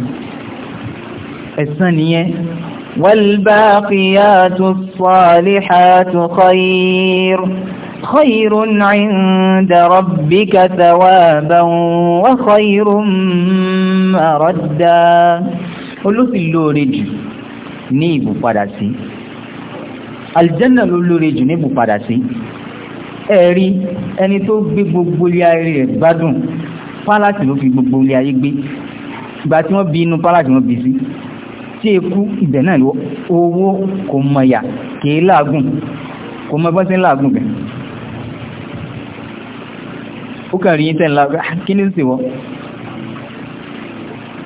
ẹ̀sán nìyẹn والباقيات الصالحات خير خير عند ربك ثوابا وخير مردا olófin lóore jù ní ìbùpadà sí aljanna ló lóore jù ní ìbùpadà sí ẹ̀rí ẹni tó gbé gbogbo ilé ayé rẹ̀ gbádùn pálásì ló fi gbogbo ilé ayé gbé ìgbà tí wọ́n bí inú pálásì wọ́n bí sí tí ekú ibẹ̀ náà lọ owó kò mọ̀yà kìí láàgùn kò mọ̀ bọ́sí láàgùn bẹ̀ ó kàrí yí tẹ́ láàgùn ah, kí ní sí wọ́n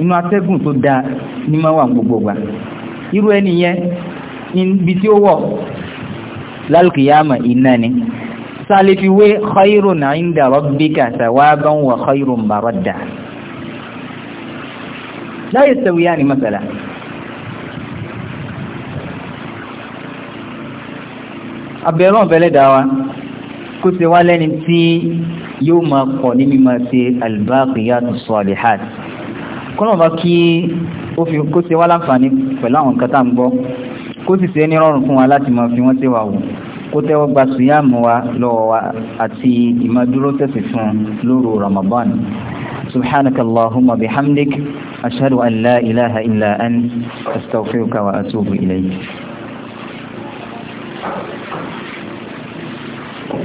inú atẹ́gùn tó dáa ní máa wà gbogbo wa irú ẹni yẹn níbi tí ó inda rabbika thawaban wa khairun maradda la yastawiyan masala abẹ́rọ̀ ọ̀bẹ̀lẹ́dà wa kó ṣe wá lẹ́ni tí yóò máa kọ̀ ní mímọ̀ sí albaqiyatus salihat kọ́lọ̀bá kí ó fi kó ṣe wá láǹfààní pẹ̀lú àwọn nǹkan tá ń gbọ́ kó sì ṣe ní rọrùn fún wa láti máa fi wọ́n ṣe wà wò kó tẹ́wọ́ gba sùyàmù wa lọ́wọ́ wa àti ìmọ̀dúró tẹ̀sí fún lóru Ramadan سبحانك اللهم بحمدك أشهد أن لا إله إلا أنت أستغفرك وأتوب إليك Thank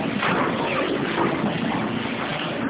you.